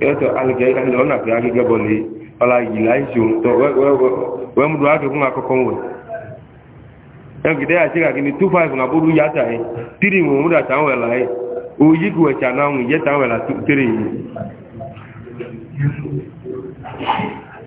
eto alge kan lo na ga ga boli wala yi lai ju to we we we mdu ake kun akoko nwe egi de ati ga kini 25 na bodu yata e 3 mu mda tan we lai o yi gwe cha na nwe ye tan we la 3 yi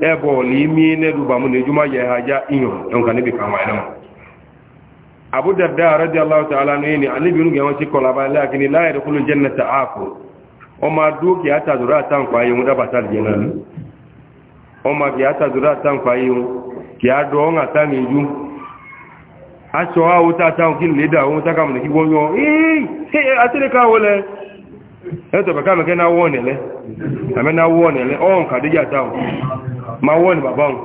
ebo limi ne duba mun ne juma ya haja inyo don kan bi kama ina Abu Darda radiyallahu ta'ala ne ni annabi nu ga wani kola ba lakini la yadkhulul jannata aqul o ma duki ata zura tan kwaye mu da batar jenan o ma ki ata zura tan kwaye ki ado nga tan ju uta tan kin o ta kam ne ki eh atire ka wole e ká mẹ́kẹ́ náà wọ́n nẹ̀lẹ́ àmẹ́ná wọ́n nẹ̀lẹ́ ọ̀hún kàdíjà táwọn ma wọ́n ni bàbá wọn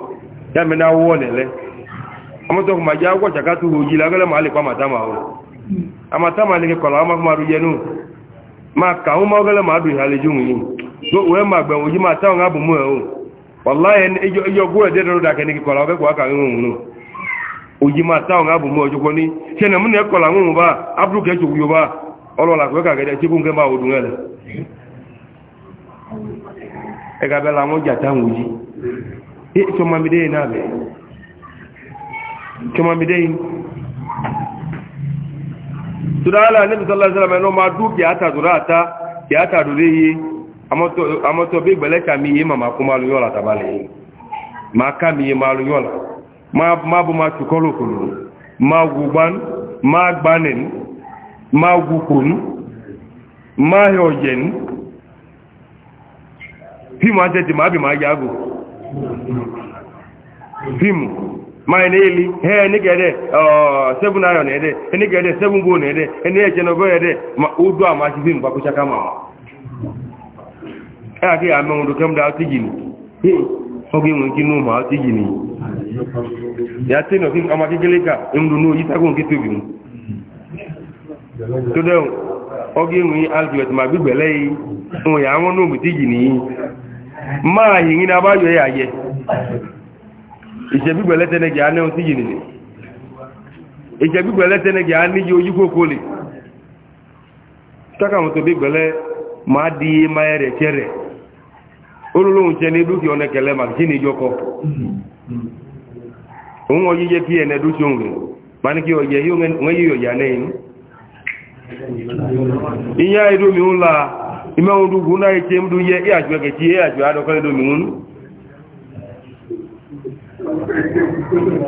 yá mẹ́ná wọ́n nẹ̀lẹ́ amọ́tọ́kùn ma jẹ́ agbọ́ ṣàkátù òjì lágẹ́lẹ́ ma lè pa màtàmà ọ̀rọ̀ àmàtàmà ní kọ̀lá ọmọ fún arúgbẹ́ nù ma kà ó mọ́ ma dùn ìhàlẹ̀ jù yìí tó ma gbẹ̀ òjì ma táwọn á bù ní kọ̀lá ọbẹ̀ kọ̀ ákàrí òun nù òjì ma ọlọ́la pé kàgẹ́dẹ́ tí kún kẹ́ máa odùn ẹ̀lẹ̀ ẹgbẹ́ abẹ́lá wọn jàtà ń wùjí ẹ tọmọmídé yìí náà bẹ̀ tọmọmídé yìí tùdáàlà níbi sọ́lá ìsẹ́lẹ̀mẹ́ náà máa dúkì àtàdúrátà kì àtàdúré yìí amọ́tọ̀ bí gbẹ̀lẹ́kà mi yìí màmá kún máa lu yọ́la tàbálẹ̀ yìí máa ká mi yìí máa lu yọ́la máa bó máa tukọ́ lókòlò máa gbogbo máa gbánẹ̀ ní máa gùkùn máa yọ yẹn fíìmù àtẹ́tì máa bì máa yàgò fíìmù máa ẹni ilé ẹ na ah, seven iron ẹ̀dẹ̀ ẹnìgẹ̀ẹ́dẹ̀ seven bone ẹ̀dẹ̀ ẹni ẹ̀jẹ̀ nọ̀bẹ̀ ẹ̀dẹ̀ ó dọ́ àmà ti fíìmù pàkó ṣaká máa ẹ̀ àti àmì ohun tó kẹ́mdà ó ti jìnì ọgbẹ́ ìwọ̀n kí nù máa ó ti jìnì tó dẹ́hùn ọgí ìwé alfred ma gbígbẹ̀ lẹ́yìn ohun ìyá wọn náà mìtíjì nìyí máa yìí ní abáyọ̀ ẹ̀ àyẹ ìṣẹ́gbígbẹ̀ lẹ́tẹ́nẹ́gẹ̀ á náà tíjì nìyí ìṣẹ́gbígbẹ̀ lẹ́tẹ́nẹ́gẹ̀ á níyí ojú kókó lè tákàwọn tó gbígbẹ̀lẹ́ máa di máa rẹ̀ tẹ́ rẹ̀ olólóhun tẹ́ ní dúkìá ọ̀nẹ́kẹ̀lẹ́ màkìtì ìjọkọ òun ọyíyẹ kí ẹ̀nẹ́dúṣ ihe anyị domi ụlọ a imenwụrụ ugwu na eche mdụ ihe ịhajụ egechi ihe ịhajụ adọkọ edomi nwụnụ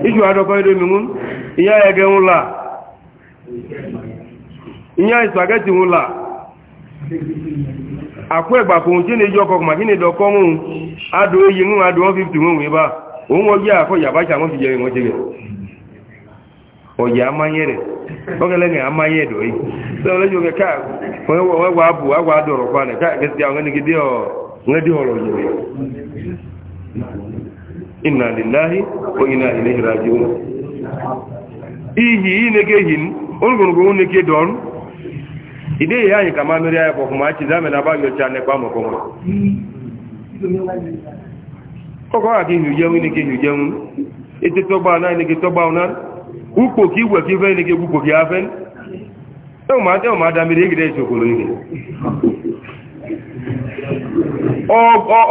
iju adọkọ edomi nwụnụ ihe anyị ege ụlọ a spageti ụlọ a na-eji ọkọ ma gị na-edokọ nwụ adụ eyi nwụ adụ 150 nwụ a onwe gị akụ yabacha nwụ ji jere nwechegị oge le nga amanye do yi so le joge ka we we wa bu wa wa do ro kwa ne ka ke sia ngani gidi o ngadi holo ni inna lillahi wa inna ilaihi raji'un ihi ne ke hin on gon ne ke don ide ya kama mere ya ko kuma na ba yo mo ko ke ite to na ke to ukpoki igwe ka ife gị egbukpoki afe ụmụada ụmụada mmiri egide echokoro ihe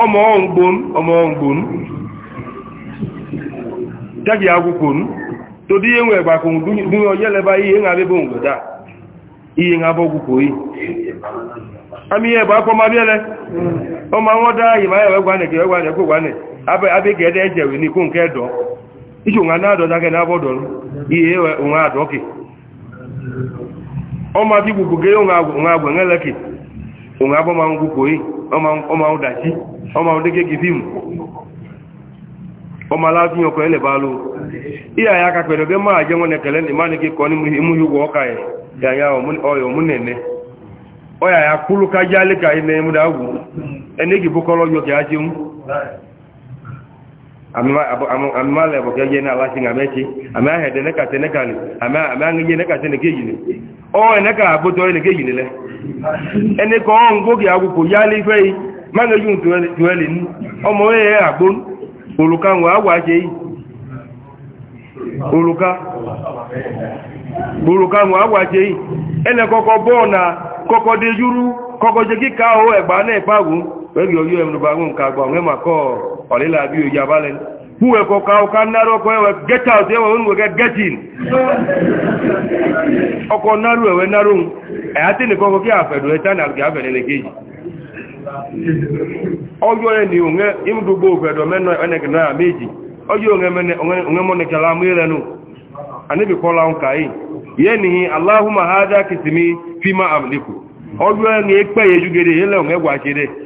ọmọọgbom ọmọọgbom tagi agwụkwom todi ihe ọmọ gbakọ ọmọ onye leba ihe nha abịbụ ngweda ihe nha bụ ọgwụkwọ yi ami ihe bụ akọ ma ga nke ichi onwe na adọta gị n'abọdọrọ ihe ewe onwe adọkị ọmadị gbugbu gị onwe agwa enweleki onwe agbamangwu kwoyi ọma ụdachi ọma ụdịke gị fim ọmala tinye ọkọ ele balụ ihe anyị aka kpere oge maa aje nwe na-ekele gị kọ ọka ya ọya ya kpụrụ ka ji alị ka anyị na-emụda agwụ ene gị bụkọrọ ọjọ ka ya amma la boke je na la singa mechi amma he de neka te neka ni amma amma ngi neka te neka yini o neka aboto neka yini le ene ko on go gi agu ya li fe ma ngi yun tuwele tuwele ni omo e, e agbon oluka nwa agwa je yi oluka oluka nwa agwa je yi ene koko bona koko de yuru koko je ki ka o egba na ipagun wege oyi emerubanwụ nke agba onwe maka ọlịla abịa oyi abalị kwuwe ka ọka ụka nnara ọkụ ewe get out ewe onwe ga get oh, in ọkọ nnarụ ewe nnarụ m ọkọ kị na gị afedu ele keji ọjọ ya ni onwe imdugbo ofedu omenọ eneke na meji ọjọ onwe mene onwe mọ nekela fima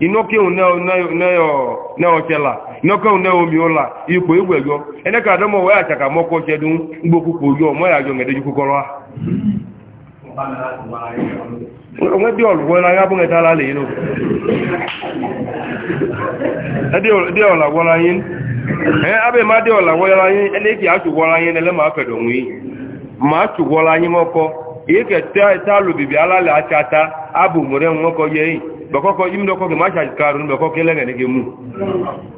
inoke neochela inoke neomiola ikpo igwego ene ka adọmọ wee acha ka ke chedu mgbokwukwu oyo mọ ya jongede jukwukọrọ ha onwe dị ọlụgwọ na anya bụghị tala ala ino dị ọla gwọrọ anyị ma ọla anyị na-eke achụgwọrọ anyị na-ele ma afedo onwe iyi ma achụgwọrọ anyị nwọkọ ihe abụ bakoko imdo ko ke macha karu be ko kelenga ne gemu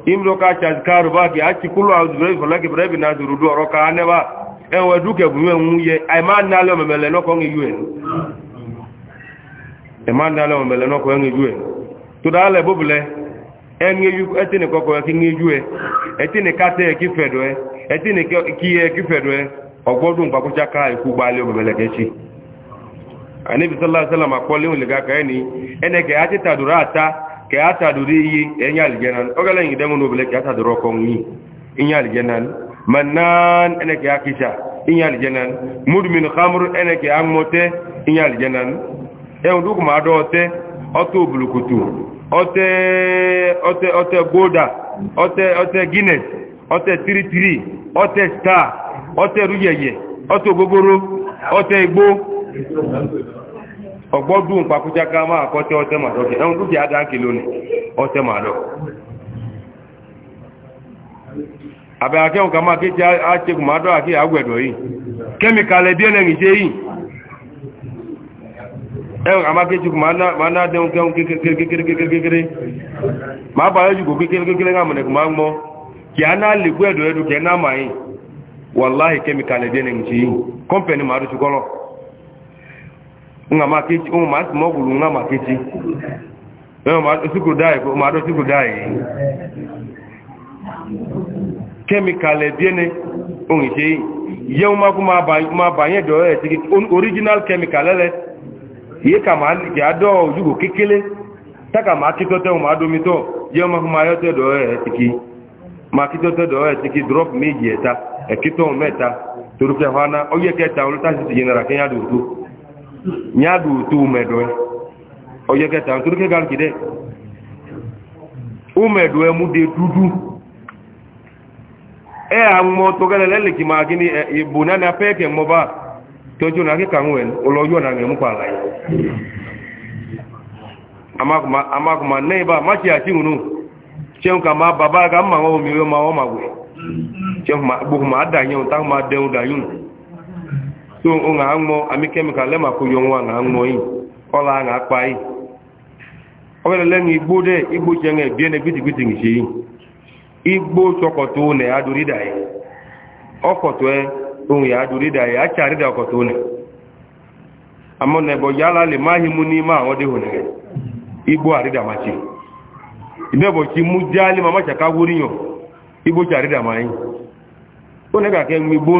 imdo ka cha karu ba ke achi kulu au bre ko lagi bre na zuru do ro ka ne ba e wa duke bu me mu ye ai ma na lo mele no ko ngi yue e ma na lo mele no ko ngi yue to da le bobule en ngi yu etini ko ko ki ngi yue etini ka te ki fedo e etini ki e ki fedo e ogbodun pa ko cha ka iku ba le mele ke chi anabi sallallahu alaihi wasallam akpɔli wòle gaka ɛni ɛnɛ kɛ ati tadoro ata kɛ atadoro iye ɛnyɛ aligɛna ɔgɛlɛ yin dɛmu n'obele kɛ atadoro kɔnwi ɛnyɛ aligɛna manan ɛnɛ kɛ akisha ɛnyɛ aligɛna mudumin hamuru ɛnɛ kɛ aŋmɔtɛ ɛnyɛ aligɛna ɛwɔ dukuma adɔ ɔtɛ ɔtɛ obulukutu ɔtɛ ɔtɛ ɔtɛ goda ɔtɛ ɔtɛ guinness ɔtɛ tiritiri ɔtɛ star ɔtɛ ruyɛyɛ ɔtɛ gogoro ɔtɛ igbo. ọgbọ́dún pàkújáká máa kọ́ tẹ́ ọtẹ́ màdọ́ kí ẹ̀hún dúkìá dá kìlò ọtẹ́ màdọ́ àbẹ̀ ká máa ké tí a ṣe kù màdọ́ àkí àgbẹ̀dọ̀ yìí kẹ́míkalẹ̀ bí ẹlẹ́rìn ṣe yìí ẹ̀hùn tí kù a náà lè gbẹ́dọ̀ ẹ̀dùn kẹ́ náà nga makechi ụmụ masị ma ọ gwụrụ nwa makechi ụmụadọ sukwu daị kemikal ebiene onyiche ihe ụmụakwụ ma banye dị ọrịa echi orijinal kemikal ele ihe ka ma ji adọ ojugbo kekele taka ma akịtọta ụmụadọ mitọ ihe ụmụakwụ ma yọte dị ọrịa echi ma akịtọta dị ọrịa e, etiki e, drọp meji eta ekịtọ meta torukwe hana oye keta olụta sisi jenara kenya dị otu nyadu tu umedwe oye keta turuke umedwe mude dudu e to ki magini e, e na peke moba tojo na kika nwen oloyo na ngemu kwa lai amakuma amakuma neiba machi chen kama baba ma o magwe chen ma bu ma adanyo tan ma da so o ŋa ŋmɔ ami kɛmika lɛ e. e, e, ma ko yɔ ŋwa ŋa ŋmɔ yi kɔla ŋa kpa yi ɔbɛlɛ lɛ ŋa igbo dɛ igbo tse ŋa ebie ne gbitigbiti yi igbo tsɔkɔto ne adori da yi ɔkɔtɔɛ ohun ya adori da yi atsari da bɔ himu ari da ma ibe bɔ tsi mu dza ali ma ma tsaka yɔ igbo tsari da ma yi ko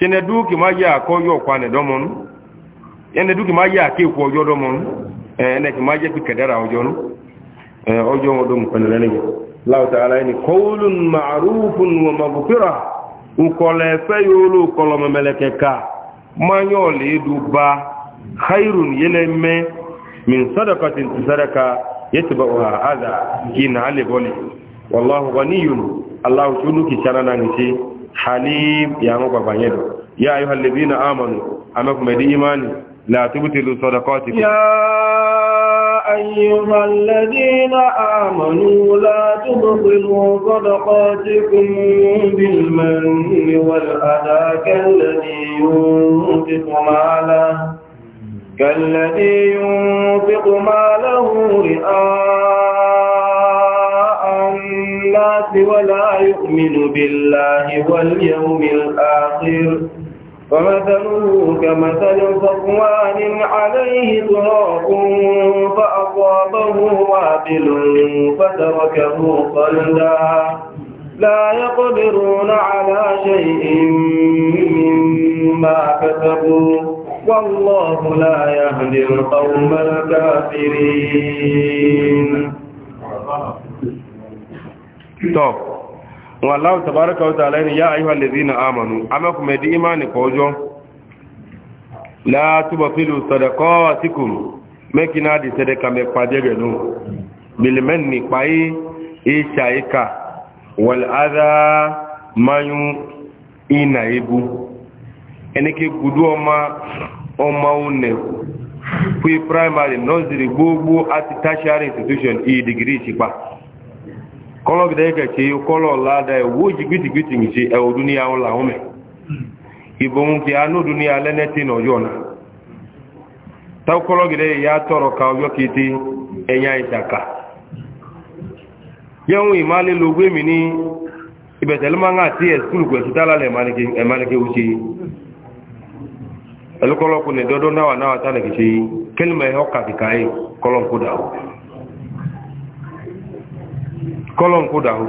sene duki ma ya ko yo kwa ne domon ene duki ma ya ke ko yo domon e, ene ki ma je ki kedara o jonu e, o jonu dum ko ne ni law ta'ala ni qawlun ma'rufun wa maghfira u ko le fe yulu ko lo meleke ka ma yo le du ba khairun yeleme min sadaqatin tisadaka yatba'uha adha kin ali boli wallahu ghaniyun allah tunu sharana ngi halim ya ngo baba nyedo ya ayuha alladhina amanu amakum bi imani la tubtilu sadaqatikum ya ayuha alladhina amanu la tubtilu sadaqatikum bil manni wal adha kalladhi yunfiqu malahu kalladhi yunfiqu malahu ri'a الناس ولا يؤمن بالله واليوم الآخر فمثله كمثل صفوان عليه تراب فأصابه وابل فتركه صلدا لا يقدرون على شيء مما كتبوا والله لا يهدي القوم الكافرين to wallahu tabaraka wa ta'ala ya ayyuhal ladhina amanu amakum bi imani kojo la tubtilu sadaqatikum mekina di sadaka me pajege no bil manni pai ishaika wal adha inaibu eneke gudu oma pre primary nursery gbogbo ati tertiary institution e degree ti kọlọ gida ka ke kọlọ lada ewu ji gbiti gbiti ngici ewu duniya ụlọ ahụme nke anụ duniya leneti na ọjọọ na ta ya tọrọ ka ọjọọ ka iti enya itaka yẹnwó ìmáàlè lógún èmi ní ìbẹ̀tẹ̀lẹ́ máa ń àti ẹ̀sùn kò ẹ̀sùn tálálẹ̀ ẹ̀mánike wúṣe ẹ̀lú kọlọ́kùnrin dọ́dọ́ náwà náwà tálẹ̀ kọ́lọ̀ ń kó dàrú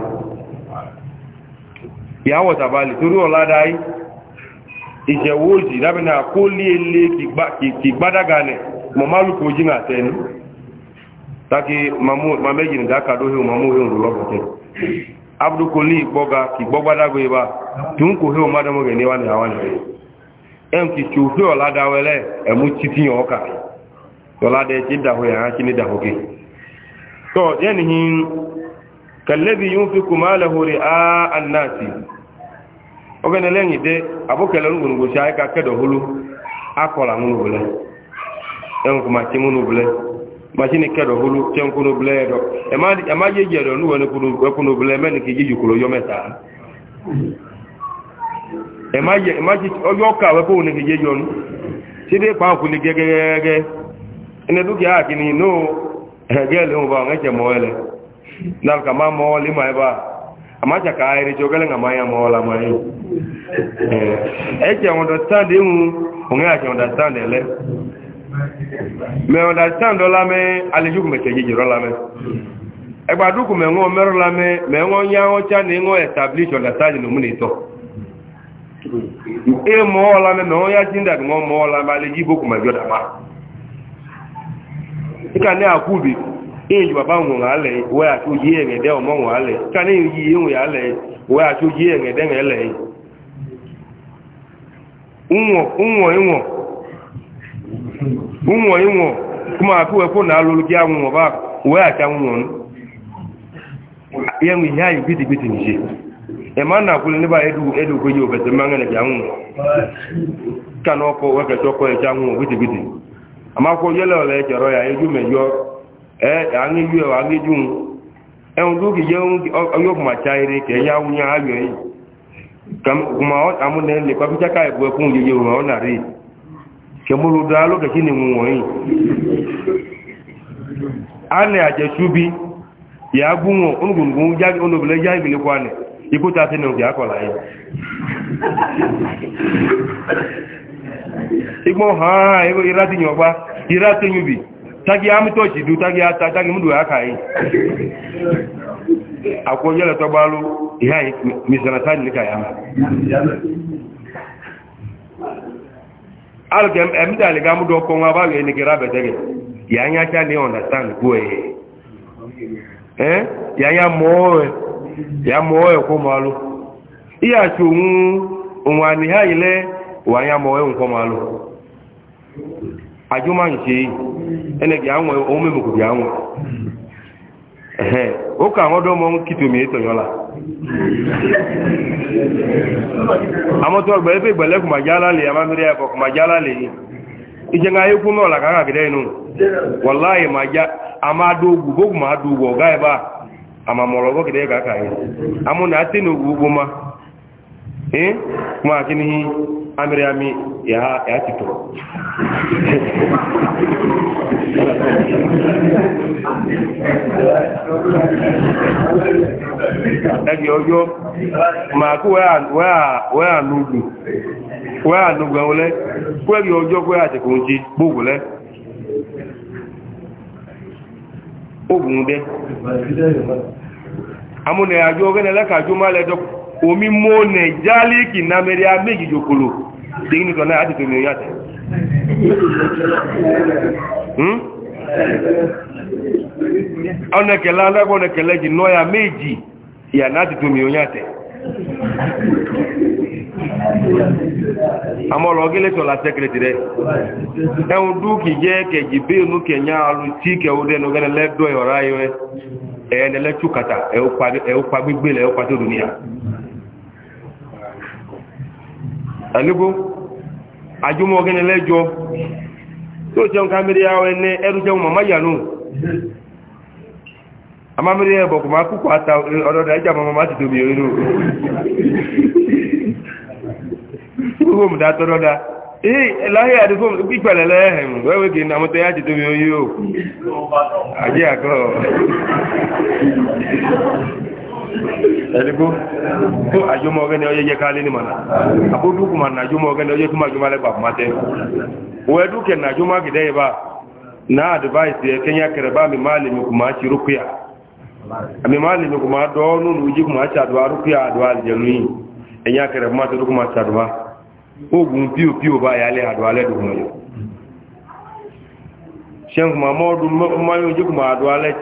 ìyàwó tàbálì torí ọ̀ládáyí ìṣẹ̀wó òjì lábẹ́nà kó lé ilé kìgbádága nẹ̀ mọ̀málùkù ojí nà tẹ́ni tàkí mamẹ́jì ní dákàdóhé mamóhé òrùlọ́pọ̀tẹ́ abdukoli gbọ́ga ní kallabi yun fi kùmá lẹ́hórí àán náà sí ọgbẹ́ni lẹ́yìn dé abúkẹ̀lẹ̀ ńgbòǹgbò sí àyíká kẹ́dọ̀ hólú akọ̀là múnubulẹ̀ ẹnkù màtí múnubulẹ̀ màtí ni kẹ́dọ̀ hólú tẹ́ nkúnubulẹ̀ ẹ̀dọ̀ ẹ̀má yé jẹ̀dọ̀ ni kì yé yọnu sídé pàǹkù ni na ka ma mọ́ lè ma ẹba àmájà ká ẹrẹ jọ gẹ́lẹ́ àmá ya mọ́ ọlá ma yóò e. ẹ̀kẹ́ eh, e understand ihun òun àti understand ẹ̀lẹ́ e mẹ́ understand ọlá mẹ́ alẹ́jùkù mẹ́kẹ́ yìí jìrọ́ lámẹ́ ẹgbàdúkù mẹ́wọ́n mẹ́rọ́ me mẹ́wọ́n yá wọ́n chá ní wọ́n establish understand ní òmìnir tọ́ e mọ́ ọlá mẹ́ mẹ́wọ́n yá jíndà ní wọ́n mọ́ ọlá mẹ́ alẹ́jì ìbókù mẹ́jọ́ dàmá eji baba nwụrụ ala weghachi oji eghede ọma nwụ ala ka na eyi ihe nwere ala weghachi oji eghede na ele ụnwọ ịnwọ kuma akụwekwu na alụlụ gị anwụ ọba ya nwe ihe anyị biti biti nje ema na akwụle n'ebe edugwenye na gị anwụ ka na ọkọ weketa ọkọ eche anwụ biti biti amakwụkwọ yele ọla echọrọ ya eju aŋeju a aŋeju ŋu ɛŋu do ke yewu ɔyɔ kuma tsa yi ɖe ya ŋu nya ayɔ yi kam kuma ɔ amu ne le kpafi ma ɔna re kemolo do alo kɛse ne ŋu wɔ yi anɛ adzɛsu bi ya gbu ŋɔ onugunugun ya onobile tagi ya mito ci du tagi ya ta tagi mudu ya kai ako yele to balu ya eh, mi sanata ni kai am algem em da le gamu do ko nga ba eh, ni kira be tege ya nya cha ni understand ko e eh ya ya mo ya mo e ko malu iya chungu onwa ni ha ile wa ya mo e ko malu ajuma nse enegi anwe ome muku bi anwe ehe o ka ụka do mo kito mi to yola amo to gbe pe gbele ku majala le ama mi re ko ku majala le ije nga yeku mo la kaka gide nu wallahi ogwu ama do gu bo ma do go ga ebe ama mo lo go gide kaka na ti no eh kuma akinihi amirami ya ya titoro ẹgbẹ̀ ọjọ́ ma kú wẹ́à nùgbù wẹ́à nùgbù ẹ̀wọ̀n kú kú jí ogun dẹ́ amúnẹ̀ má lẹ́dọ́kù omi mo ne jali ki namere a meji jokolo digi ni kana ati to mi yate hmm ona kela na ko ne kele ji no ya meji ya na ati to mi yate àmọ́ lọ gílé tó la sẹ́kìrìtì rẹ̀ ẹ̀hùn dúkì jẹ́ kẹjì bí inú kẹ̀yà alú tí kẹwọ́ dẹnu gẹ́nà lẹ́dọ̀ ẹ̀ọ̀rá yọ ẹ̀ ẹ̀ẹ́nẹ́lẹ́tù kàtà ẹ̀ọ́pa gbígbé lẹ́ọ́pa tó dùn níyà anigo àjùmọ̀ ọ̀gẹ́ni lẹ́jọ́ tí ó jẹun kámẹ́rẹ́ àwọn ẹni ẹrù jẹun màmá yànú àmàmẹ́rẹ́ ẹ̀bọ̀ kò máa kúkọ àta ọ̀dọ̀dà ìjà màmá má ti tóbi inú fóòmù dá tọ́dọ́dá èyí láyé àti fóòmù pípẹ̀lẹ̀ lẹ́hẹ̀m wẹ́wẹ́ kì í ní àmọ́tẹ́yà ti tóbi oyé o àjẹ́ àkọ́ ẹ̀dígbó tó àjọmọ́ ọgẹ́ ni ọyẹ́ yẹ káálé ní mànà àbódúkù mà nàjọmọ́ ọgẹ́ ni ọyẹ́ tó máa jọmọ́ alẹ́gbà fún àtẹ́ wọ́n ẹ̀dúkẹ̀ nàjọmọ́ àgìdẹ́ yẹ bá náà àdìbáyìsì ẹ̀ kẹ́nyà kẹrẹ̀ bá mi máa lè mi kù máa ti rúkúyà àmì máa lè mi kù máa dọ́ nínú ojú kù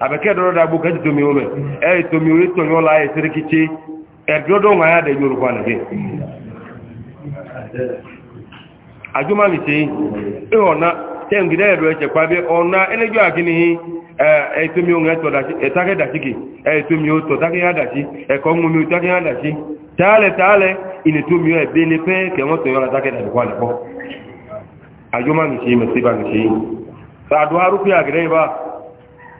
abeke doro da bu kati tomi ome e tomi ori to nyola e sirikichi e dodo nga ya de yoru kwa nage ajuma mi ti e ona te ngide edo eche kwa bi ona elejo akini e, e tomi o nga to da e take da siki e tomi o to take ya da si e ko mu mi o take ya da si tale tale ine tomi o e bene pe ke won take da kwa le po ajuma mi ti me ti ba mi ti sa do harufi agire ba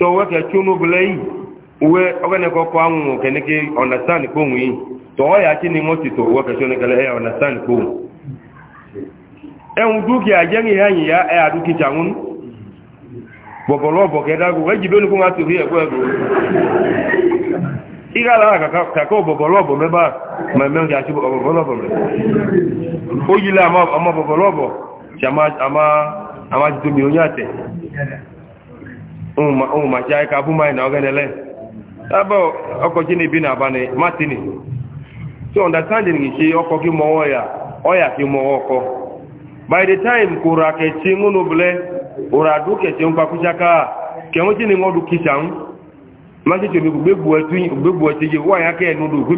tọwọ́ kẹ tí ó nóbi lẹ́yìn uwe ọgọ́nẹ́kọ́kọ́ àwọn kẹ́nẹ́kẹ́ ọ̀nàstáàni kóhùn yìí tọwọ́ yà tí ni wọ́n ti tọwọ́ kẹ tí ó nẹ́kẹ́lẹ́ ẹ̀ ọ̀nàstáàni kóhùn ẹ̀hùn dúkìá jẹ́rì ẹ̀yìn ya ẹ̀ àdúkìtà ń bọ̀bọ̀lọ́bọ̀ kẹ́dágò ẹjì lónìí kó wá tó rí ẹ̀kọ́ ẹ̀kọ́ ìgbàlára kàkọ́ bọ̀bọ̀lọ́bọ̀ mẹ́bà mẹ́mẹ́rin àti bọ̀bọ̀lọ́bọ̀ mẹ́ ó yílẹ̀ àmọ́ bọ̀bọ̀lọ́bọ̀ ụmụ machi anyị ka abụ manyị na ogenele ebe ọkọchi na-ebi na bi matini so understanding gị chi ọkọ gị mọwọ ya ọya gị mọwọ ọkọ by the time ka ụra kechi nwụnụ ụra dụ kechi mkpakwụcha ka ke nwechi na nwodu kicha m machichi ogbegbu echi gị nwaanyị aka ya ugwu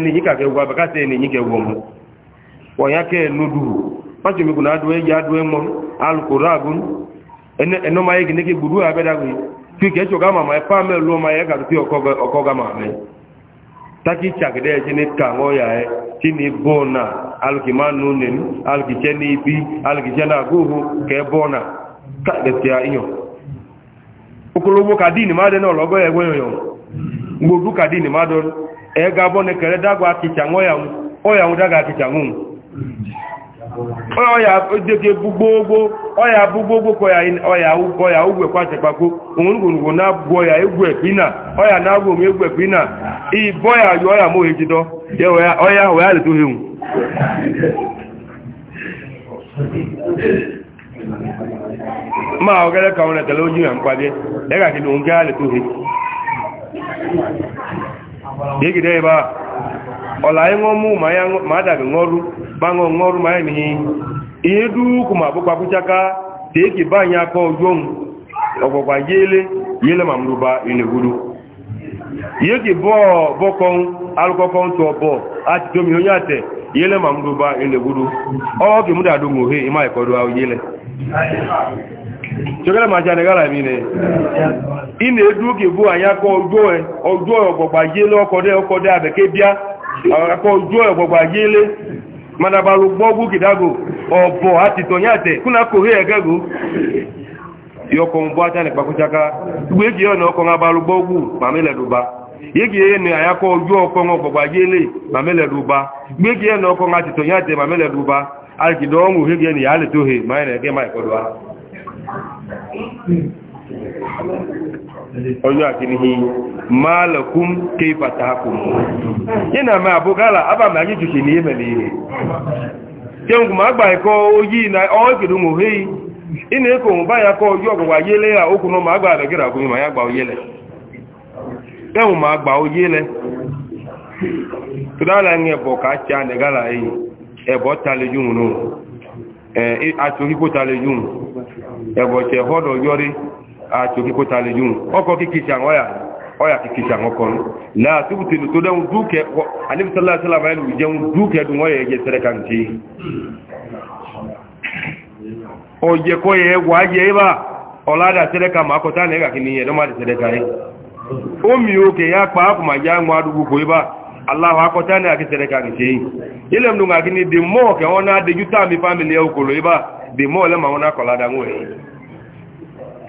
mi ihe ka ga-egwu ya m nwaanyị aka ya na adụ adụ agụ ẹnọ ma yẹ kí neke gbùdú abẹ́dàgbé fi kẹ́tsọ̀ ká màmá ẹ fáwọn mẹ́rin ló ma yẹ kàtó fi ọkọ ká màmá ẹ taki tsagidẹ yẹ tsini kaŋɔ ya yẹ tsini bọ́ọ̀nà alùpùpù ma nù nínú alùpùpù tsẹ́ ní ibi alùpùpù tsẹ́ náà gbóhó kẹ́ bọ́ọ̀nà ká gẹ̀tìyà iyàn okolobo kadi ni ma dẹ náà lọ́gọ́ yẹ wẹ́yọ̀ yọ̀ gbòdú kadi ni ma dọ́ ẹ̀ gabọ́ ni kẹrẹ́ dàgbà kìtsà ŋọ́ yà ń ọ̀ yà ń dàgbà kìtsà ŋọ́ deke gbugbogbo ọya bụgbogbo ọya ugwe kwachakpakpo onwerugwonugwo na-abụgwọ ya egwu ekpina ọya na-abụ onwe egwu na. iyi bọ ya yụ ọya mohe jido ọya ahụ ya leta ohewu ma ọgara ka nwere tele oji na mkpabe ya ga kele onwe ya leta ebe a ọla ịṅụ mụ ma a daghị ọrụ. bango ngor mai edu kuma bu pa kuchaka te ki banya ko jom ogo pa yele yele mamruba ile gudu yeki bo bokon to bo ati to mi onyate yele mamruba ile gudu o ki muda du ngohe ima ko do yele ma jane gara mi ne edu bu anya ko ojo e ojo akọ ojo mana balu gbogbo gidago ọbọ àti tọnyàtẹ kúnà kò hí yọkọ ń bọ átà nípa kúchaka gbogbo èkì ọ̀nà ọkọ̀ ń abalu gbogbo màmílẹ̀dùba yéèkì yé ni àyàkọ ojú duba ń ọgbọ̀gbà yélè màmílẹ̀dùba gbéèkì ẹ̀nà ọkọ̀ ń àti tọnyàtẹ màmílẹ̀dùba alìkìdọ̀ ọ̀hún òhèkì ya yàá lè tó he máyẹ̀ ọjọ́ àkíní máa lọ̀kún ké ìfàtàkùn yínà mẹ́ àbúgálà abàmì àjíjùṣe ní èmẹ̀lẹ̀ ihe. tí ó ń kùnmà ẹ̀kọ́ oyí na ọwọ́ ìkìdùn òhé inú ẹkọ̀ òun báyà kọ́ ojú ọ̀gbọ̀gbà yélẹ̀ àókùn náà le. àbẹ̀kẹ́rẹ̀ àkùnrin màá gbà oyélẹ̀ tẹ́hùn màá gbà oyélẹ̀ ẹ̀bọ̀ ká ṣe ẹ̀bọ̀ talejúun họ́dọ̀ yọrí atsoki kó ta lè dùn ọkọ̀ kíkìsì àwọn ọ̀yà ọ̀yà kíkìsì àwọn ọkọ̀ láàtúbù tèlù tó dẹ́hùn dúkẹ́ alẹ́bísọ́lá sọ́lá báyìí lè jẹun dúkẹ́ dùn ọ̀yà ẹ̀jẹ̀ sẹ́rẹ̀ kàǹtì ọ̀jẹ̀ kọ́ di sẹ́rẹ̀ káyé omi òkè ya pa àkùmà já ń wádùú kò ibà aláwọ̀ akọ́ta ma àkí na kàǹtì ṣe yìí ilẹ̀ mdùn àkíní dè mọ́ ọ̀kẹ́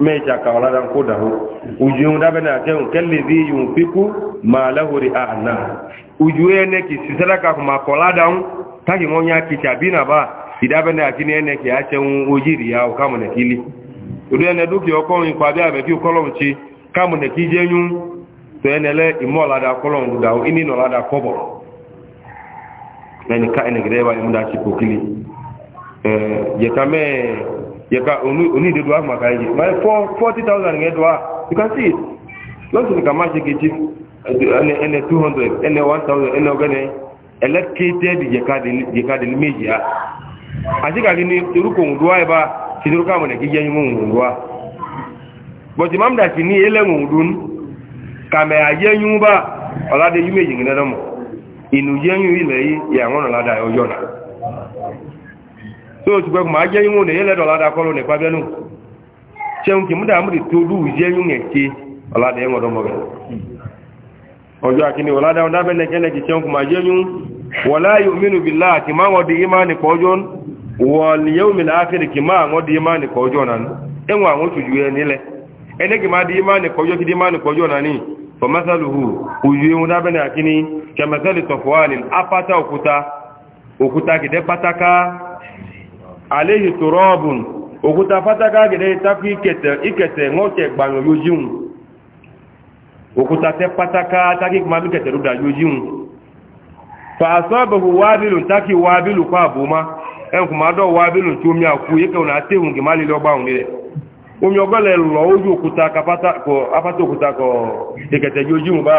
meja ka wala dan ko dahu ujiun da bana ke un kalli bi yunfiku ma lahu ri'ana ujuye ne ki sisala ka kuma kola dan taki ngonya ki tabina ba ida bana akini ne ki ache un ujiri ya o kamu ne kili uduye ne duki oko un kwa bi abe ki kolon chi kamu ne ki jenyun to enele imola da kolon dahu ini no la eh, yetame yaka oni de doa maka yi forty thousand nge doa you can see it lots of kama je kiti ene ene 200 ene 1000 ene ogene elected yaka de yaka de media ajika gini turuko ngudwa ba tiruka mo ne kije yimu ngudwa but imam da kini ele ngudun kame ayenyu ba olade yume yingina mo inu yenyu ile yi ya ngono lada oyona pé o ti gbẹ́kùn máa jẹ́ yíwọ̀n èyí lẹ́dọ̀ ọ̀làdà kọ́lọ̀ nípa bẹ́nu ṣeun kì múdà múdì tó dùn ìjẹ́ yíwọ̀n ẹ̀kẹ́ ọ̀làdà ẹ̀wọ̀n ọ̀dọ́mọ rẹ̀ ọjọ́ àkíní ọ̀làdà ọ̀dà bẹ́nẹ̀kẹ́nẹ̀kì ṣeun kì máa jẹ́ yíwọ̀n wọ̀lá yóò mínú bí láà kì máa wọ́n di ìmá nìkọ́ ọjọ́ wọ̀lìyẹ́wò mi láàfin kì máa wọ́n di ìmá nìkọ́ ọjọ́ náà ẹ̀wọ̀n àwọn oṣù ju ẹ nílẹ̀ ẹni aléyìí tòrọ ọ̀bùn òkúta fátákà gẹ̀dẹ̀ takú ìkẹtẹ̀ ńọ́kẹ̀ gbàyàn lójíun òkúta tẹ pátákà takí kìí máa bí kẹtẹ̀ lódà lójíun fàásọ́bẹ̀hù wábìlù takí wábìlù kọ́ àbúmá ẹnkù máa dọ̀ wábìlù tí omi àkú yíkẹ̀wọ̀n àtẹ́hùn kì má lè lọ́gbà òun rẹ̀ omi ọgọ́lẹ̀ lọ ojú òkúta apátó òkúta kọ̀ ìkẹtẹ̀ lójíun bá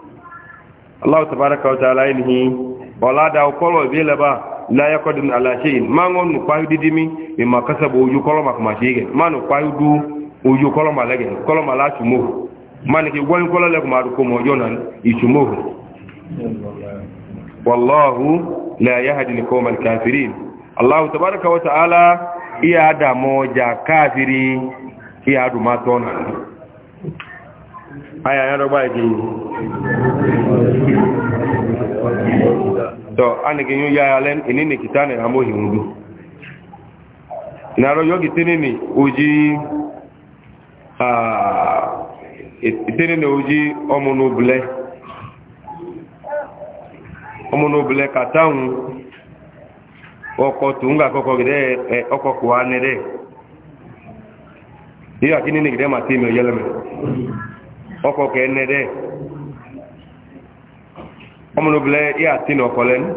Allah tabaraka wa ta'ala yinihi wala da okolo bi leba la yakodun ala shay'in ma ngon nu kwayu didimi e ma kasabu uju kolo ma kuma shege ma nu kwayu du uju kolo ma lege kolo ma la chumo ma ni ki gwon le kuma ru ko mo jonan i chumo wallahu la yahdi al-qawm al tabaraka wa ta'ala iya da moja kafiri iya du ma tonan aya ya rọgba igi tọ a nìkì ya alẹ́ ìní nìkì tá nìra mọ́hì ń gbú ìnàrọ̀ yọ́gì tẹ́nìní ojí tẹ́nìní ojí ọmọnúbulẹ́ ọmọnúbulẹ́ kàtàhùn ọkọ̀ tó ń gà ọkọ̀ kẹ́ẹ̀nẹ́ dẹ́ ọmọlóbilẹ̀ yà tí ní ọkọ̀ lẹ́nu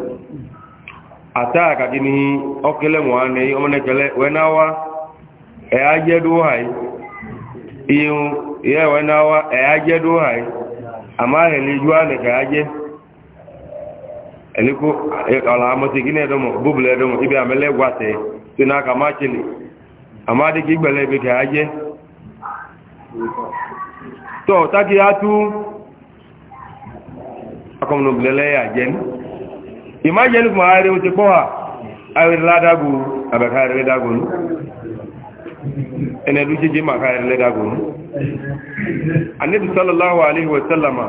àtàkàkì ní ọkẹ́lẹ̀ wọ́n ní ọmọlẹ́kẹ́lẹ́ wẹ́náwá ẹ̀yà jẹ́dúwàí ihun ìyẹ́ wẹ́náwá ẹ̀yà jẹ́dúwàí àmá ẹ̀lẹ́ ijú ànẹ̀kẹ́ ajẹ́ ẹ̀lẹ́kọ́ ọ̀làmọ́sí kí ní ẹ̀dọ́mọ̀ búbùlẹ̀ ẹ̀dọ́mọ̀ ibi àmẹ́lẹ́gbàtẹ̀ tí náà kà má tọ́ tákì á tú akọmọ̀nàbìlẹ̀lẹ́ àjẹ́ni ìmá jẹ́ni kùmọ̀ ààrẹ o ti pọ́ à àwẹ̀rẹ̀ládágù àbẹ̀kàrẹ̀lẹ́dágù ní ẹnẹ̀lú jẹ́jẹ́ màkàrẹ̀lẹ́dágù ní anẹ́bì sallallahu alaihi wasallama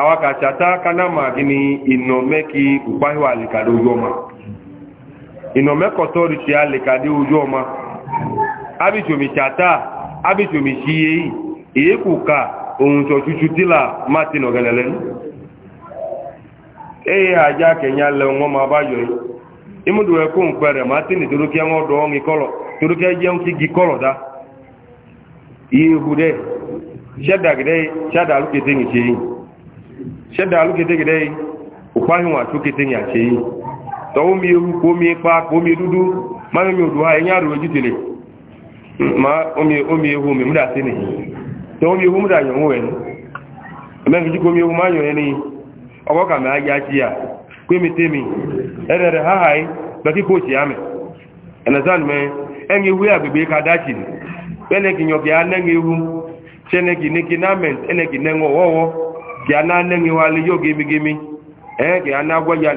awakàtàtà kanáma gini ìnọ̀mẹ́kì ìpáhíwà àlìkàdé ojú ọma ìnọ̀mẹ́kọ̀tọ́ rìtì àlìkàdé ojú ọma ábìtòmìtàtà ku ka ohun ṣọ̀ṣúṣú tí là máa tí nọ̀gẹ̀lẹ̀ lẹ́nu eye àjá kẹ̀yà lẹ wọn máa bá yọ yìí imúdù ẹkùn pẹ̀rẹ̀ máa tí nítorí kí wọ́n dọ̀ ọ́n kọ́lọ̀ torí jẹun kí gi dá ihu dẹ́ ṣẹ́dàgẹ́dẹ́ ṣẹ́dà alúkété ní ṣe yìí ṣẹ́dà alúkété gẹ́dẹ́ òpáhìn wà tókété ní àṣẹ yìí mi ewu mi pa mi dúdú mi ò tẹ́wọ́n bí ohun dàyàn wọ́n ẹni ẹmẹ́rin jíkọ́ mi ohun máa yàn ẹni ọkọ́ kàmì ajá jí à pé mi tẹ́ mi ẹ̀rẹ̀ rẹ̀ háhà ẹ́ lọ́kí kò sí àmì ẹ̀nàzán mẹ́ ẹni ewu àgbègbè ká dájì ní ẹnẹ́kì wa gemigemi ana mẹ́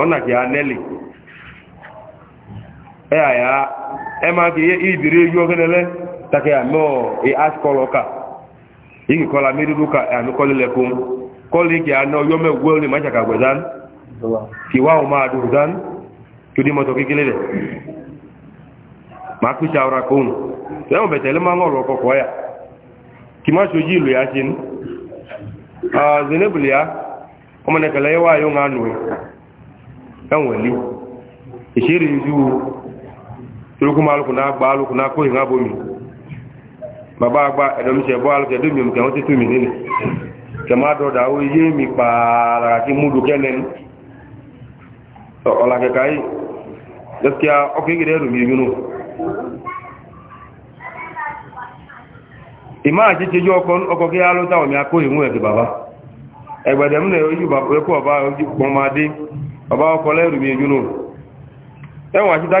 o e ẹmà kì í ìbìrì yóò gẹ́nẹ́lẹ́ tàkì àmì ọ̀ ìhásíkọlọ ká ìkì kọlá mẹ́rìndínlú ká àmì kọlí lẹ́kùn kọlí kì àná ọyọ́ mẹ́wọ́ lè má ṣàkàgbẹ̀ dán kì wá òun máa dùn dán tó dé mọ́tò kékeré rẹ̀ máa pèsè àwọn akóhùn tẹ́wọ̀n bẹ̀tẹ̀ lé máa ń ọ̀rọ̀ ọkọ̀ yà kì má sojú ìlú yà ṣe ya ọmọ nìkẹ̀lẹ́ yẹ wá yóò ń hàn nù ẹ̀ ẹ̀wọ̀n lé ìṣeré tolókù máa lókù náà gbá lókù náà kóyìn náà bómi bàbá àgbà ẹ̀dọ̀míṣẹ̀ bọ́ alùkẹ́ dómi omi kẹwọ́n títù mi nílẹ̀ kẹmà mi pààlàrà kí múdù kẹ́nẹ̀ẹ́ni ọ̀làkẹ́kà yìí gaskiya ọkùnrin rẹ̀ mi akó ìwọ̀n ọba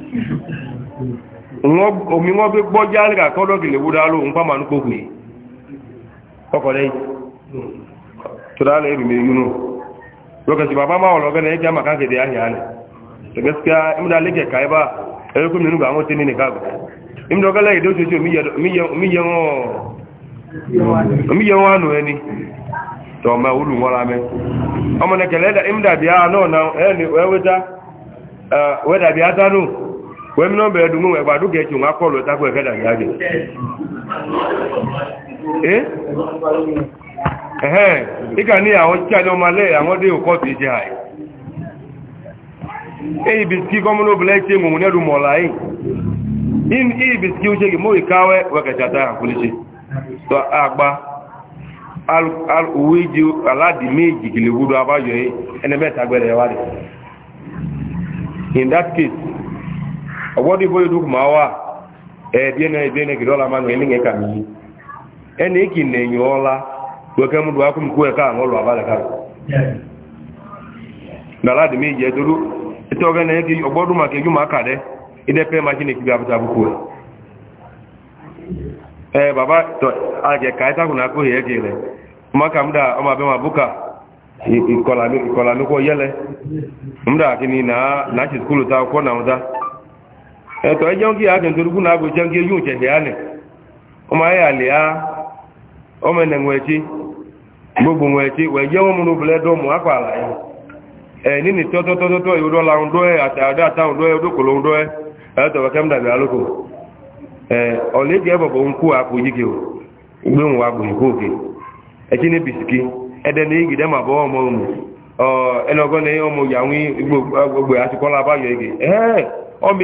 omi wọn gbé gbọ́ járe àkọ́dọ̀ gẹ̀lẹ̀ wúdá ló pàmà ní gbogbo yìí ọkọ̀lẹ́ yìí tó dáa lẹ́rù mi yúnú lọ́kẹ̀sì bàbá máa ọ̀lọ́gẹ́ náà ẹjá màkà kèdè we m nọmba edu nwe gbado ga-eji nwa akọ lụta e kwa egeda gị agị e? ee a ya ahụcha anya ọma lee ahụ dị ụkọtụ ije anyị eyi biski gọmụnụ obele eche enwe nwunye ru mọla anyị iyi biski uche gị agba aladi meji ọgbọ́dọ̀ ìbò ìdúkù máa wà ẹ̀ẹ́díẹ́nà ìdíẹ́nà ìdọ́là máa ń rìn ní ẹ̀ka nìyí ẹni kì nẹ̀yìn ọlá gbẹ̀kẹ́ mú dùwá kún kú ẹ̀ka àwọn ọlọ́ àbálẹ̀ ká gbàládì méjì ẹ̀dọ́rú ètò ọ̀gá ẹ̀nà ẹ̀kẹ́ ọgbọ́dún máa kẹjú máa kàdẹ́ ìdẹ́pẹ́ máa ṣe ní kíbi àbúta àbúkú rẹ̀ ẹ bàbá àjẹ́ káyítákùn náà kó ẹ̀kẹ́ rẹ̀ mọ́kàmúdà ọmọ abẹ́ máa kí ni náà ṣe skúlù ta kọ́ náà ẹ̀tọ́ ẹjọ́ kí a kẹntọ́ na náà gbẹ̀jẹ́ kí yóò jẹ̀ yà nì ọmọ ayé àlè á ọmọ ẹ̀nẹ̀wọ̀ ẹ̀tí gbogbo wọn ẹ̀tí wọ́n ẹ̀jẹ̀ wọn múnú akọ àlàyé ẹ̀ tọ́tọ́tọ́tọ́ dọ́ ẹ̀ àtàwọn dọ́ ẹ̀ odókòló ń dọ́ ẹ̀ ẹ̀tọ́ o ọmọ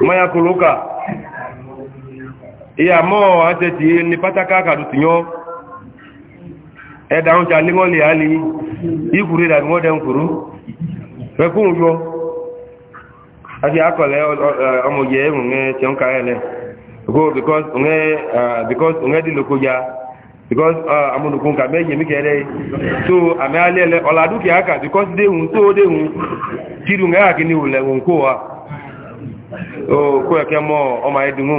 maya koloka iya mo ase ti ni pataka ka du tinyo e da un jali ngoli ali ikuri da ngo den kuru fe ku yo ati akole e, omo ye mu nge ti on ka ele go because nge because nge e, di loko ya because e, amunukun ka meje mi kere so ame ale ele ola dukia because de hun so de hun kiru nge akini ule won ko wa o kó ẹ̀kẹ́ mọ́ ọmọ ẹdùnmù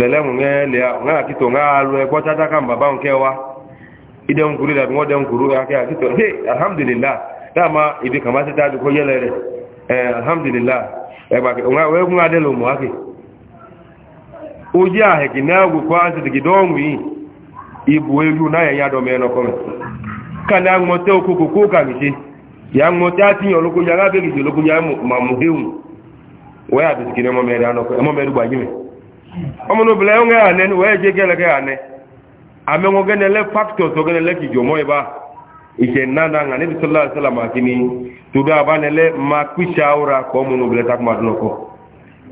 lẹ̀lẹ́mùn ẹ̀lẹ́ àwọn àkítọ̀ ń rọ ẹgbọ́ tátàkà bàbá ń kẹ́ wa ìdẹ́hùn kúrú ìdàbí wọ́n dẹ́hùn kúrú akẹ́ àkítọ̀ hey alhamdulillah dáàmà ìdí kàmá sí dájú kó yẹ́lẹ̀ rẹ̀ alhamdulillah ẹgbàkẹ́ adẹ́lò mọ́ ákè ojú àhẹ̀kì náà wù kọ́ àti tìkì dọ́ọ̀mù yìí ìbò elú náà ẹ̀yà dọ̀mẹ́ ẹnọkọ́ mẹ́ kàní àgbọ̀ntẹ́ okòkò kó kàmìṣe yà ń mọ́tẹ́ àtìyàn olókòyà arábẹ́gìdì olókòyà màmúhéhùn wee abisiki na emomeri anọkọ emomeri gbajime ọmọ n'obìnrin ẹ̀hún ẹ̀ ànẹ́ ni wẹ́ẹ̀ jẹ́ gẹ́lẹ́gẹ́ ànẹ́ àmẹ́wọn gẹ́nẹ́lẹ́ factors ọgẹ́nẹ́lẹ́ kìjọ mọ́ ibà ìṣẹ̀ nánà ńà níbi sọlá sọlá màkì ni tòdó àbánilẹ́ máa píṣà ọ̀rà kọ́ ọmọ n'obìnrin takùmá dúnọkọ.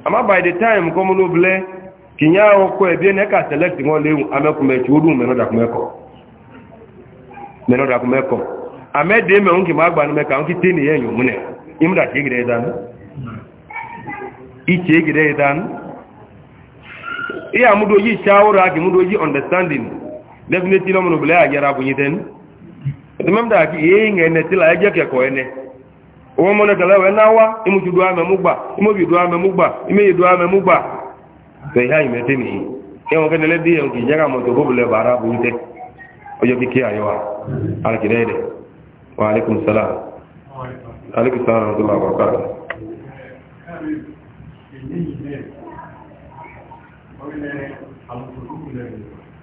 àmọ́ by the time kọ́ ọmọ n'obìnrin kìnyà ọkọ ẹ̀bí ẹ̀ iche egide dan iya mudo yi shawara ki mudo yi understanding definitely no bele ya gera bunyi den tumem da ki e nge ne tila ya ke ko ene o mo ne kala we na wa imu ju dua me mugba imu gba dua me mugba ime ju dua me mugba pe ha ime temi e won kenele di en ki jaga mo to bara ki ayo wa ala ki de wa alaikum salam alaikum salam wa rahmatullahi wa barakatuh ilé ìlẹ̀ orílẹ̀ àwọn òṣèlú lẹ́yìn